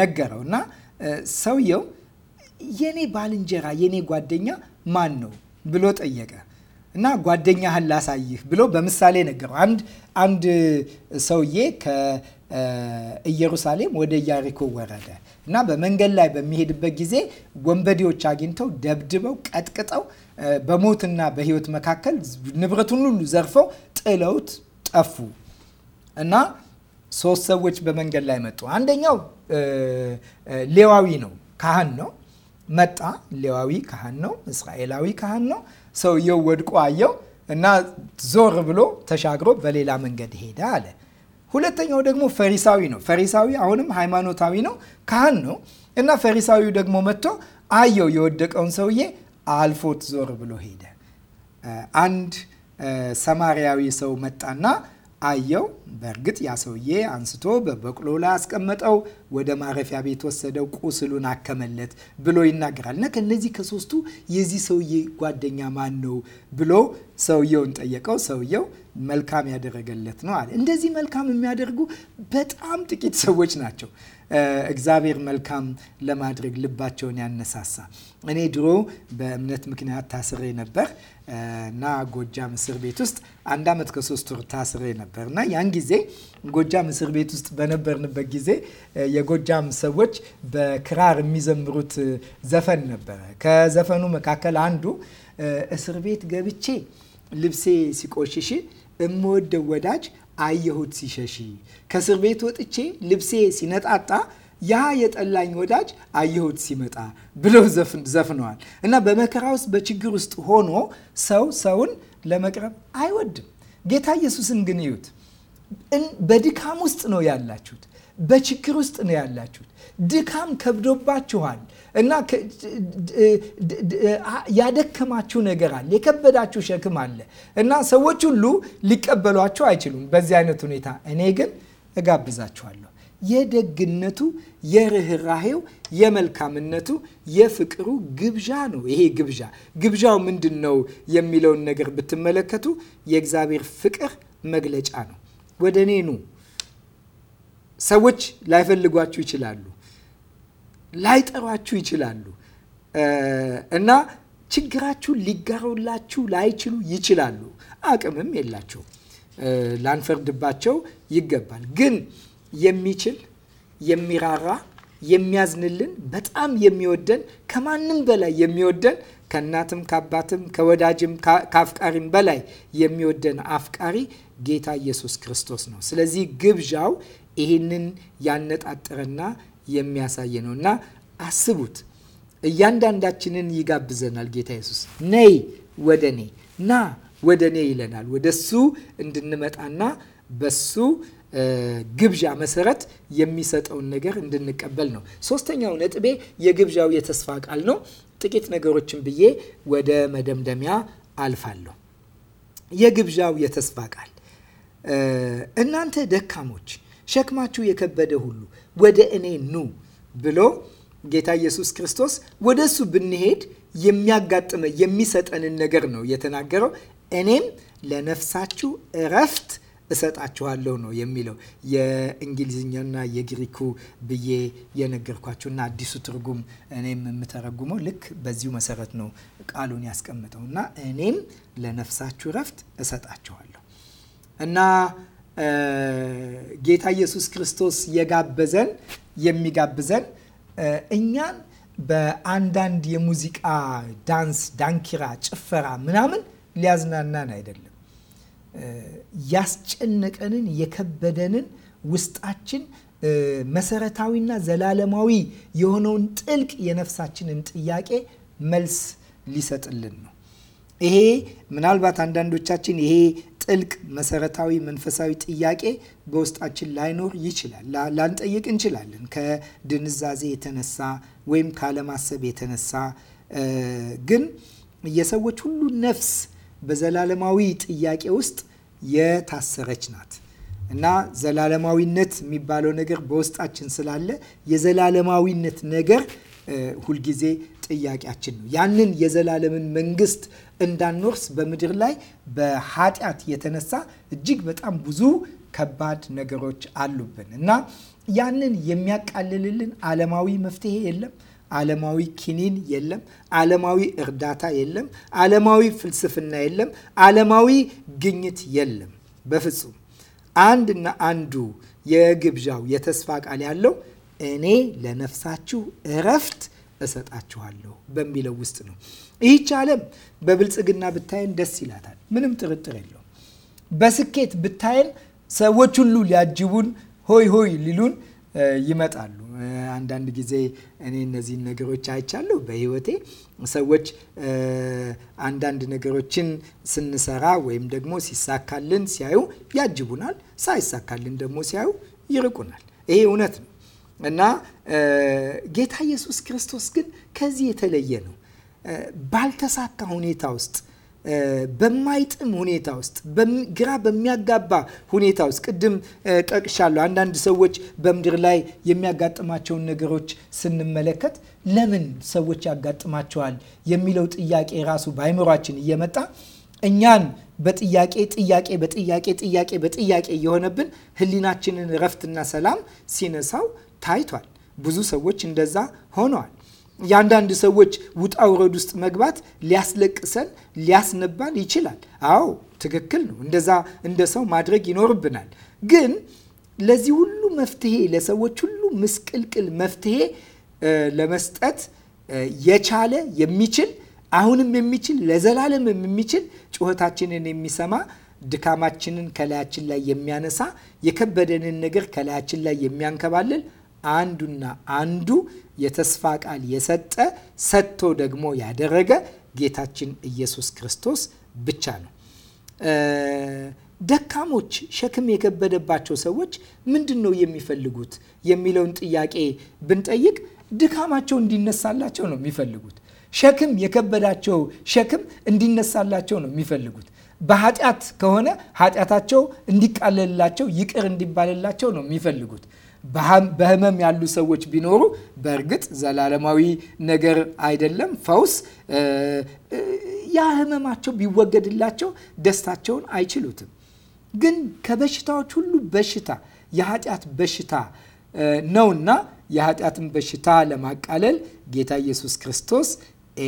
ነገረው እና ሰውየው የኔ ባልንጀራ የኔ ጓደኛ ማን ነው ብሎ ጠየቀ እና ጓደኛህን ላሳይህ ብሎ በምሳሌ ነገረው። አንድ አንድ ሰውዬ ከኢየሩሳሌም ወደ ኢያሪኮ ወረደ እና በመንገድ ላይ በሚሄድበት ጊዜ ወንበዴዎች አግኝተው ደብድበው፣ ቀጥቅጠው በሞትና በሕይወት መካከል ንብረቱን ሁሉ ዘርፈው ጥለውት ጠፉ እና ሶስት ሰዎች በመንገድ ላይ መጡ። አንደኛው ሌዋዊ ነው፣ ካህን ነው መጣ። ሌዋዊ ካህን ነው፣ እስራኤላዊ ካህን ነው። ሰውየው ወድቆ አየው እና ዞር ብሎ ተሻግሮ በሌላ መንገድ ሄደ አለ። ሁለተኛው ደግሞ ፈሪሳዊ ነው። ፈሪሳዊ አሁንም ሃይማኖታዊ ነው፣ ካህን ነው እና ፈሪሳዊው ደግሞ መጥቶ አየው የወደቀውን ሰውዬ አልፎት ዞር ብሎ ሄደ። አንድ ሰማሪያዊ ሰው መጣና አየው። በእርግጥ ያ ሰውዬ አንስቶ በበቅሎ ላይ አስቀመጠው፣ ወደ ማረፊያ ቤት ወሰደው፣ ቁስሉን አከመለት ብሎ ይናገራል እና ከነዚህ ከሶስቱ የዚህ ሰውዬ ጓደኛ ማን ነው ብሎ ሰውየውን ጠየቀው። ሰውየው መልካም ያደረገለት ነው አለ። እንደዚህ መልካም የሚያደርጉ በጣም ጥቂት ሰዎች ናቸው። እግዚአብሔር መልካም ለማድረግ ልባቸውን ያነሳሳ። እኔ ድሮ በእምነት ምክንያት ታስሬ ነበር እና ጎጃም እስር ቤት ውስጥ አንድ ዓመት ከሶስት ወር ታስሬ ነበር እና ያን ጊዜ ጎጃም እስር ቤት ውስጥ በነበርንበት ጊዜ የጎጃም ሰዎች በክራር የሚዘምሩት ዘፈን ነበረ። ከዘፈኑ መካከል አንዱ እስር ቤት ገብቼ ልብሴ ሲቆሽሽ እምወደው ወዳጅ አየሁት ሲሸሽ፣ ከእስር ቤት ወጥቼ ልብሴ ሲነጣጣ ያ የጠላኝ ወዳጅ አየሁት ሲመጣ ብሎ ዘፍነዋል። እና በመከራ ውስጥ በችግር ውስጥ ሆኖ ሰው ሰውን ለመቅረብ አይወድም። ጌታ ኢየሱስን ግን እዩት። በድካም ውስጥ ነው ያላችሁት፣ በችግር ውስጥ ነው ያላችሁት። ድካም ከብዶባችኋል፣ እና ያደከማችሁ ነገር አለ፣ የከበዳችሁ ሸክም አለ እና ሰዎች ሁሉ ሊቀበሏቸው አይችሉም። በዚህ አይነት ሁኔታ እኔ ግን እጋብዛችኋለሁ። የደግነቱ፣ የርኅራሄው፣ የመልካምነቱ፣ የፍቅሩ ግብዣ ነው። ይሄ ግብዣ ግብዣው ምንድን ነው የሚለውን ነገር ብትመለከቱ የእግዚአብሔር ፍቅር መግለጫ ነው። ወደ እኔ ኑ። ሰዎች ላይፈልጓችሁ ይችላሉ። ላይጠሯችሁ ይችላሉ እና ችግራችሁን ሊጋሩላችሁ ላይችሉ ይችላሉ። አቅምም የላቸው ላንፈርድባቸው ይገባል። ግን የሚችል የሚራራ የሚያዝንልን በጣም የሚወደን ከማንም በላይ የሚወደን ከእናትም ከአባትም ከወዳጅም ከአፍቃሪም በላይ የሚወደን አፍቃሪ ጌታ ኢየሱስ ክርስቶስ ነው። ስለዚህ ግብዣው ይህንን ያነጣጠረና የሚያሳይ ነው እና አስቡት። እያንዳንዳችንን ይጋብዘናል ጌታ ኢየሱስ። ነይ ወደ እኔ ና ወደ እኔ ይለናል። ወደ እሱ እንድንመጣና በሱ ግብዣ መሰረት የሚሰጠውን ነገር እንድንቀበል ነው። ሶስተኛው ነጥቤ የግብዣው የተስፋ ቃል ነው። ጥቂት ነገሮችን ብዬ ወደ መደምደሚያ አልፋለሁ። የግብዣው የተስፋ ቃል እናንተ ደካሞች ሸክማችሁ የከበደ ሁሉ ወደ እኔ ኑ ብሎ ጌታ ኢየሱስ ክርስቶስ ወደ እሱ ብንሄድ የሚያጋጥመ የሚሰጠንን ነገር ነው የተናገረው። እኔም ለነፍሳችሁ እረፍት እሰጣችኋለሁ ነው የሚለው። የእንግሊዝኛና የግሪኩ ብዬ እና አዲሱ ትርጉም እኔም የምተረጉመው ልክ በዚሁ መሰረት ነው ቃሉን ያስቀምጠው እና እኔም ለነፍሳችሁ እረፍት እሰጣችኋለሁ እና ጌታ ኢየሱስ ክርስቶስ የጋበዘን የሚጋብዘን እኛን በአንዳንድ የሙዚቃ ዳንስ፣ ዳንኪራ፣ ጭፈራ ምናምን ሊያዝናናን አይደለም። ያስጨነቀንን የከበደንን ውስጣችን መሰረታዊና ዘላለማዊ የሆነውን ጥልቅ የነፍሳችንን ጥያቄ መልስ ሊሰጥልን ነው። ይሄ ምናልባት አንዳንዶቻችን ይሄ ጥልቅ መሰረታዊ መንፈሳዊ ጥያቄ በውስጣችን ላይኖር ይችላል። ላንጠይቅ እንችላለን። ከድንዛዜ የተነሳ ወይም ካለማሰብ የተነሳ ግን የሰዎች ሁሉ ነፍስ በዘላለማዊ ጥያቄ ውስጥ የታሰረች ናት እና ዘላለማዊነት የሚባለው ነገር በውስጣችን ስላለ የዘላለማዊነት ነገር ሁልጊዜ ጥያቄያችን ነው። ያንን የዘላለምን መንግስት እንዳንወርስ በምድር ላይ በኃጢአት የተነሳ እጅግ በጣም ብዙ ከባድ ነገሮች አሉብን እና ያንን የሚያቃልልልን ዓለማዊ መፍትሄ የለም። ዓለማዊ ኪኒን የለም። ዓለማዊ እርዳታ የለም። ዓለማዊ ፍልስፍና የለም። ዓለማዊ ግኝት የለም። በፍጹም አንድና አንዱ የግብዣው የተስፋ ቃል ያለው እኔ ለነፍሳችሁ እረፍት እሰጣችኋለሁ በሚለው ውስጥ ነው። ይህች ዓለም በብልጽግና ብታየን ደስ ይላታል። ምንም ጥርጥር የለውም። በስኬት ብታየን ሰዎች ሁሉ ሊያጅቡን ሆይ ሆይ ሊሉን ይመጣሉ። አንዳንድ ጊዜ እኔ እነዚህን ነገሮች አይቻለሁ በህይወቴ ሰዎች አንዳንድ ነገሮችን ስንሰራ ወይም ደግሞ ሲሳካልን ሲያዩ ያጅቡናል፣ ሳይሳካልን ደግሞ ሲያዩ ይርቁናል። ይሄ እውነት ነው እና ጌታ ኢየሱስ ክርስቶስ ግን ከዚህ የተለየ ነው። ባልተሳካ ሁኔታ ውስጥ በማይጥም ሁኔታ ውስጥ ግራ በሚያጋባ ሁኔታ ውስጥ ቅድም ጠቅሻለሁ። አንዳንድ ሰዎች በምድር ላይ የሚያጋጥማቸውን ነገሮች ስንመለከት ለምን ሰዎች ያጋጥማቸዋል የሚለው ጥያቄ ራሱ በአይምሯችን እየመጣ እኛን በጥያቄ ጥያቄ በጥያቄ ጥያቄ በጥያቄ እየሆነብን ህሊናችንን እረፍትና ሰላም ሲነሳው ታይቷል። ብዙ ሰዎች እንደዛ ሆነዋል። የአንዳንድ ሰዎች ውጣ ውረድ ውስጥ መግባት ሊያስለቅሰን ሊያስነባን ይችላል። አዎ ትክክል ነው። እንደዛ እንደ ሰው ማድረግ ይኖርብናል። ግን ለዚህ ሁሉ መፍትሄ፣ ለሰዎች ሁሉ ምስቅልቅል መፍትሄ ለመስጠት የቻለ የሚችል አሁንም የሚችል ለዘላለምም የሚችል ጩኸታችንን የሚሰማ ድካማችንን ከላያችን ላይ የሚያነሳ የከበደንን ነገር ከላያችን ላይ የሚያንከባልል አንዱና አንዱ የተስፋ ቃል የሰጠ ሰጥቶ ደግሞ ያደረገ ጌታችን ኢየሱስ ክርስቶስ ብቻ ነው። ደካሞች፣ ሸክም የከበደባቸው ሰዎች ምንድን ነው የሚፈልጉት የሚለውን ጥያቄ ብንጠይቅ ድካማቸው እንዲነሳላቸው ነው የሚፈልጉት። ሸክም የከበዳቸው ሸክም እንዲነሳላቸው ነው የሚፈልጉት። በኃጢአት ከሆነ ኃጢአታቸው እንዲቃለልላቸው፣ ይቅር እንዲባልላቸው ነው የሚፈልጉት። በህመም ያሉ ሰዎች ቢኖሩ በእርግጥ ዘላለማዊ ነገር አይደለም ፈውስ። ያ ህመማቸው ቢወገድላቸው ደስታቸውን አይችሉትም። ግን ከበሽታዎች ሁሉ በሽታ የኃጢአት በሽታ ነውና የኃጢአትን በሽታ ለማቃለል ጌታ ኢየሱስ ክርስቶስ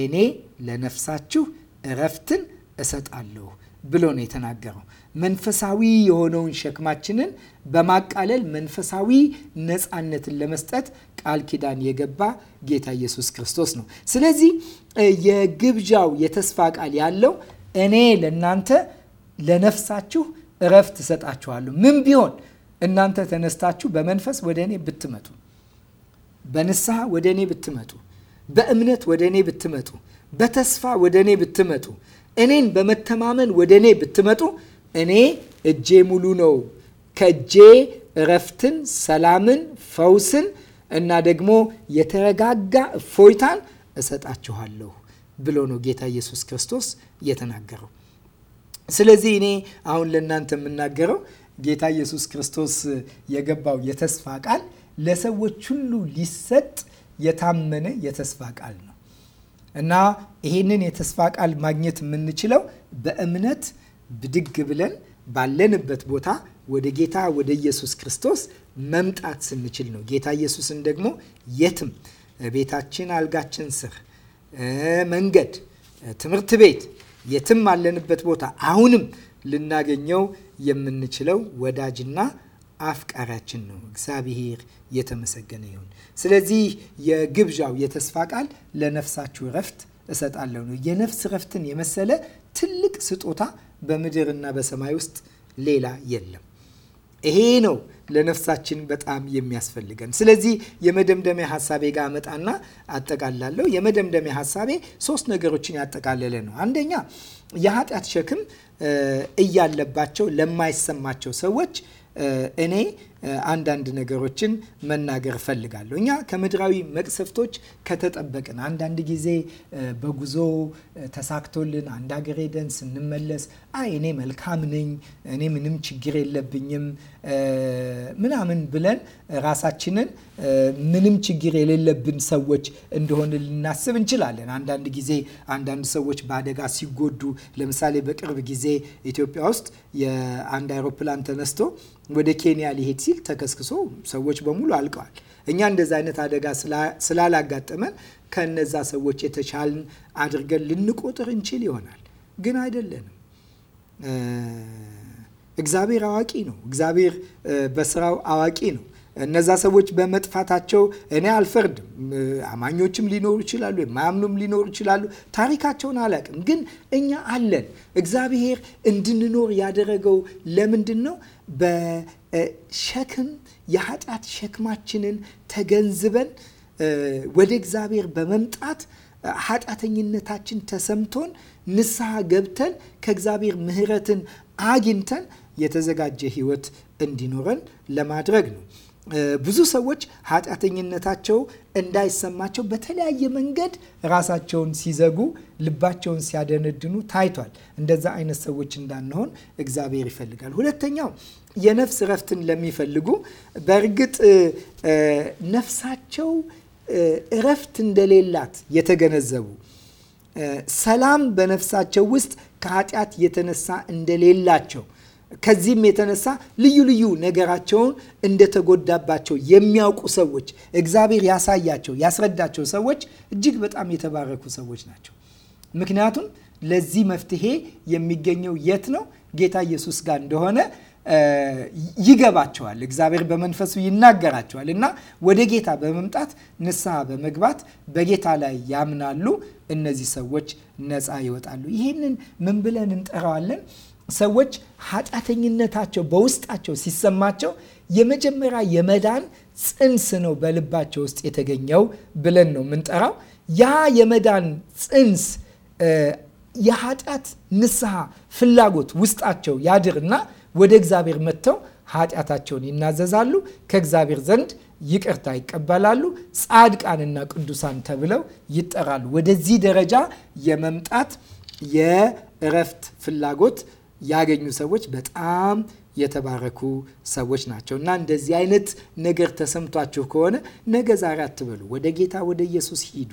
እኔ ለነፍሳችሁ እረፍትን እሰጣለሁ ብሎ ነው የተናገረው። መንፈሳዊ የሆነውን ሸክማችንን በማቃለል መንፈሳዊ ነፃነትን ለመስጠት ቃል ኪዳን የገባ ጌታ ኢየሱስ ክርስቶስ ነው። ስለዚህ የግብዣው የተስፋ ቃል ያለው እኔ ለእናንተ ለነፍሳችሁ እረፍት እሰጣችኋለሁ። ምን ቢሆን እናንተ ተነስታችሁ በመንፈስ ወደ እኔ ብትመጡ፣ በንስሐ ወደ እኔ ብትመጡ፣ በእምነት ወደ እኔ ብትመጡ፣ በተስፋ ወደ እኔ ብትመጡ፣ እኔን በመተማመን ወደ እኔ ብትመጡ እኔ እጄ ሙሉ ነው። ከእጄ እረፍትን፣ ሰላምን፣ ፈውስን እና ደግሞ የተረጋጋ እፎይታን እሰጣችኋለሁ ብሎ ነው ጌታ ኢየሱስ ክርስቶስ የተናገረው። ስለዚህ እኔ አሁን ለእናንተ የምናገረው ጌታ ኢየሱስ ክርስቶስ የገባው የተስፋ ቃል ለሰዎች ሁሉ ሊሰጥ የታመነ የተስፋ ቃል ነው እና ይህንን የተስፋ ቃል ማግኘት የምንችለው በእምነት ብድግ ብለን ባለንበት ቦታ ወደ ጌታ ወደ ኢየሱስ ክርስቶስ መምጣት ስንችል ነው። ጌታ ኢየሱስን ደግሞ የትም ቤታችን፣ አልጋችን ስር፣ መንገድ፣ ትምህርት ቤት፣ የትም ባለንበት ቦታ አሁንም ልናገኘው የምንችለው ወዳጅና አፍቃሪያችን ነው። እግዚአብሔር የተመሰገነ ይሁን። ስለዚህ የግብዣው የተስፋ ቃል ለነፍሳችሁ እረፍት እሰጣለሁ ነው። የነፍስ እረፍትን የመሰለ ትልቅ ስጦታ በምድርና በሰማይ ውስጥ ሌላ የለም። ይሄ ነው ለነፍሳችን በጣም የሚያስፈልገን። ስለዚህ የመደምደሚያ ሀሳቤ ጋር መጣና አጠቃላለሁ። የመደምደሚያ ሀሳቤ ሶስት ነገሮችን ያጠቃለለ ነው። አንደኛ የኃጢአት ሸክም እያለባቸው ለማይሰማቸው ሰዎች እኔ አንዳንድ ነገሮችን መናገር እፈልጋለሁ። እኛ ከምድራዊ መቅሰፍቶች ከተጠበቅን አንዳንድ ጊዜ በጉዞ ተሳክቶልን አንድ ሀገር ሄደን ስንመለስ አይ እኔ መልካም ነኝ፣ እኔ ምንም ችግር የለብኝም ምናምን ብለን ራሳችንን ምንም ችግር የሌለብን ሰዎች እንደሆን ልናስብ እንችላለን። አንዳንድ ጊዜ አንዳንድ ሰዎች በአደጋ ሲጎዱ፣ ለምሳሌ በቅርብ ጊዜ ኢትዮጵያ ውስጥ የአንድ አይሮፕላን ተነስቶ ወደ ኬንያ ሊሄድ ሲል ተከስክሶ ሰዎች በሙሉ አልቀዋል። እኛ እንደዚ አይነት አደጋ ስላላጋጠመን ከነዛ ሰዎች የተቻልን አድርገን ልንቆጥር እንችል ይሆናል፣ ግን አይደለንም። እግዚአብሔር አዋቂ ነው። እግዚአብሔር በስራው አዋቂ ነው። እነዛ ሰዎች በመጥፋታቸው እኔ አልፈርድም። አማኞችም ሊኖሩ ይችላሉ፣ የማያምኑም ሊኖሩ ይችላሉ። ታሪካቸውን አላውቅም፣ ግን እኛ አለን። እግዚአብሔር እንድንኖር ያደረገው ለምንድን ነው? በሸክም የኃጢአት ሸክማችንን ተገንዝበን ወደ እግዚአብሔር በመምጣት ኃጢአተኝነታችን ተሰምቶን ንስሐ ገብተን ከእግዚአብሔር ምሕረትን አግኝተን የተዘጋጀ ህይወት እንዲኖረን ለማድረግ ነው። ብዙ ሰዎች ኃጢአተኝነታቸው እንዳይሰማቸው በተለያየ መንገድ ራሳቸውን ሲዘጉ፣ ልባቸውን ሲያደነድኑ ታይቷል። እንደዛ አይነት ሰዎች እንዳንሆን እግዚአብሔር ይፈልጋል። ሁለተኛው የነፍስ እረፍትን ለሚፈልጉ በእርግጥ ነፍሳቸው እረፍት እንደሌላት የተገነዘቡ ሰላም በነፍሳቸው ውስጥ ከኃጢአት የተነሳ እንደሌላቸው ከዚህም የተነሳ ልዩ ልዩ ነገራቸውን እንደተጎዳባቸው የሚያውቁ ሰዎች እግዚአብሔር ያሳያቸው ያስረዳቸው ሰዎች እጅግ በጣም የተባረኩ ሰዎች ናቸው። ምክንያቱም ለዚህ መፍትሄ የሚገኘው የት ነው? ጌታ ኢየሱስ ጋር እንደሆነ ይገባቸዋል። እግዚአብሔር በመንፈሱ ይናገራቸዋል እና ወደ ጌታ በመምጣት ንስሐ በመግባት በጌታ ላይ ያምናሉ። እነዚህ ሰዎች ነፃ ይወጣሉ። ይህንን ምን ብለን እንጠራዋለን? ሰዎች ኃጢአተኝነታቸው በውስጣቸው ሲሰማቸው የመጀመሪያ የመዳን ጽንስ ነው በልባቸው ውስጥ የተገኘው ብለን ነው የምንጠራው። ያ የመዳን ጽንስ የኃጢአት ንስሐ ፍላጎት ውስጣቸው ያድርና ወደ እግዚአብሔር መጥተው ኃጢአታቸውን ይናዘዛሉ፣ ከእግዚአብሔር ዘንድ ይቅርታ ይቀበላሉ፣ ጻድቃንና ቅዱሳን ተብለው ይጠራሉ። ወደዚህ ደረጃ የመምጣት የእረፍት ፍላጎት ያገኙ ሰዎች በጣም የተባረኩ ሰዎች ናቸው። እና እንደዚህ አይነት ነገር ተሰምቷችሁ ከሆነ ነገ ዛሬ አትበሉ። ወደ ጌታ ወደ ኢየሱስ ሂዱ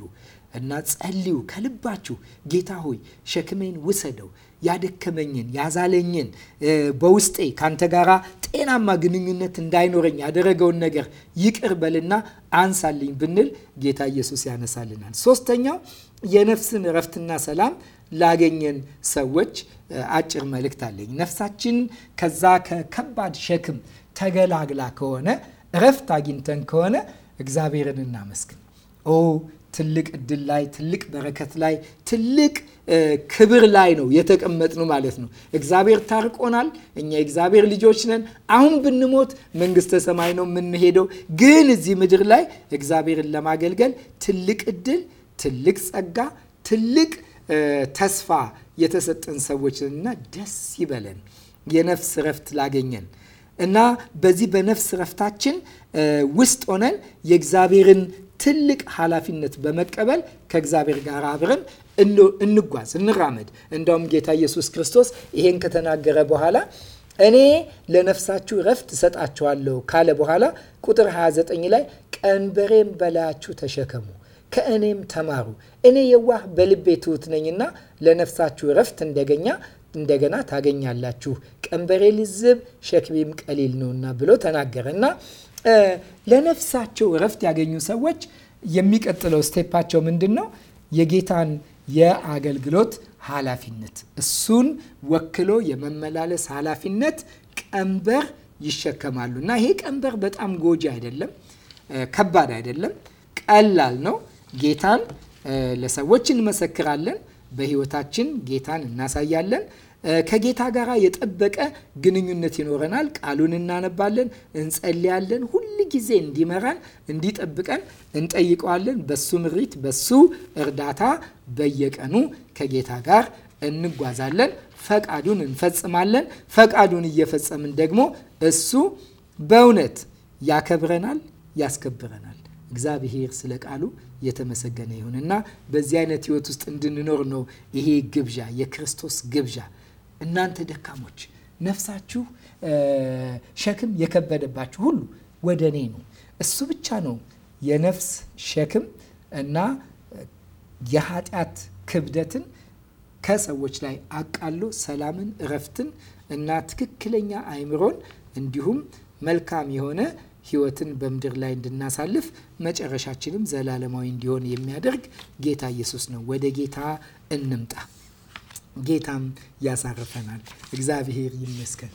እና ጸልዩ ከልባችሁ ጌታ ሆይ ሸክሜን ውሰደው፣ ያደከመኝን፣ ያዛለኝን በውስጤ ካንተ ጋራ ጤናማ ግንኙነት እንዳይኖረኝ ያደረገውን ነገር ይቅር በልና አንሳልኝ ብንል ጌታ ኢየሱስ ያነሳልናል። ሶስተኛው የነፍስን እረፍትና ሰላም ላገኘን ሰዎች አጭር መልእክት አለኝ። ነፍሳችን ከዛ ከከባድ ሸክም ተገላግላ ከሆነ እረፍት አግኝተን ከሆነ እግዚአብሔርን እናመስግን። ኦ ትልቅ እድል ላይ፣ ትልቅ በረከት ላይ፣ ትልቅ ክብር ላይ ነው የተቀመጥነው ማለት ነው። እግዚአብሔር ታርቆናል። እኛ የእግዚአብሔር ልጆች ነን። አሁን ብንሞት መንግስተ ሰማይ ነው የምንሄደው። ግን እዚህ ምድር ላይ እግዚአብሔርን ለማገልገል ትልቅ እድል፣ ትልቅ ጸጋ፣ ትልቅ ተስፋ የተሰጠን ሰዎች እና ደስ ይበለን የነፍስ ረፍት ላገኘን እና በዚህ በነፍስ ረፍታችን ውስጥ ሆነን የእግዚአብሔርን ትልቅ ኃላፊነት በመቀበል ከእግዚአብሔር ጋር አብረን እንጓዝ፣ እንራመድ። እንደውም ጌታ ኢየሱስ ክርስቶስ ይሄን ከተናገረ በኋላ እኔ ለነፍሳችሁ እረፍት እሰጣችኋለሁ ካለ በኋላ ቁጥር 29 ላይ ቀንበሬም በላያችሁ ተሸከሙ ከእኔም ተማሩ እኔ የዋህ በልቤ ትሑት ነኝና ለነፍሳችሁ እረፍት እንደገኛ እንደገና ታገኛላችሁ ቀንበሬ ልዝብ ሸክሜም ቀሊል ነውና ብሎ ተናገረ እና ለነፍሳቸው እረፍት ያገኙ ሰዎች የሚቀጥለው ስቴፓቸው ምንድን ነው? የጌታን የአገልግሎት ኃላፊነት እሱን ወክሎ የመመላለስ ኃላፊነት ቀንበር ይሸከማሉ እና ይሄ ቀንበር በጣም ጎጂ አይደለም፣ ከባድ አይደለም፣ ቀላል ነው። ጌታን ለሰዎች እንመሰክራለን፣ በህይወታችን ጌታን እናሳያለን። ከጌታ ጋር የጠበቀ ግንኙነት ይኖረናል። ቃሉን እናነባለን፣ እንጸልያለን። ሁል ጊዜ እንዲመራን እንዲጠብቀን እንጠይቀዋለን። በሱ ምሪት፣ በሱ እርዳታ በየቀኑ ከጌታ ጋር እንጓዛለን። ፈቃዱን እንፈጽማለን። ፈቃዱን እየፈጸምን ደግሞ እሱ በእውነት ያከብረናል፣ ያስከብረናል። እግዚአብሔር ስለ ቃሉ የተመሰገነ ይሁንና በዚህ አይነት ህይወት ውስጥ እንድንኖር ነው ይሄ ግብዣ የክርስቶስ ግብዣ እናንተ ደካሞች፣ ነፍሳችሁ ሸክም የከበደባችሁ ሁሉ ወደ እኔ ነው። እሱ ብቻ ነው የነፍስ ሸክም እና የኃጢአት ክብደትን ከሰዎች ላይ አቃሎ ሰላምን፣ እረፍትን እና ትክክለኛ አይምሮን እንዲሁም መልካም የሆነ ህይወትን በምድር ላይ እንድናሳልፍ መጨረሻችንም ዘላለማዊ እንዲሆን የሚያደርግ ጌታ ኢየሱስ ነው። ወደ ጌታ እንምጣ። ጌታም ያሳርፈናል። እግዚአብሔር ይመስገን።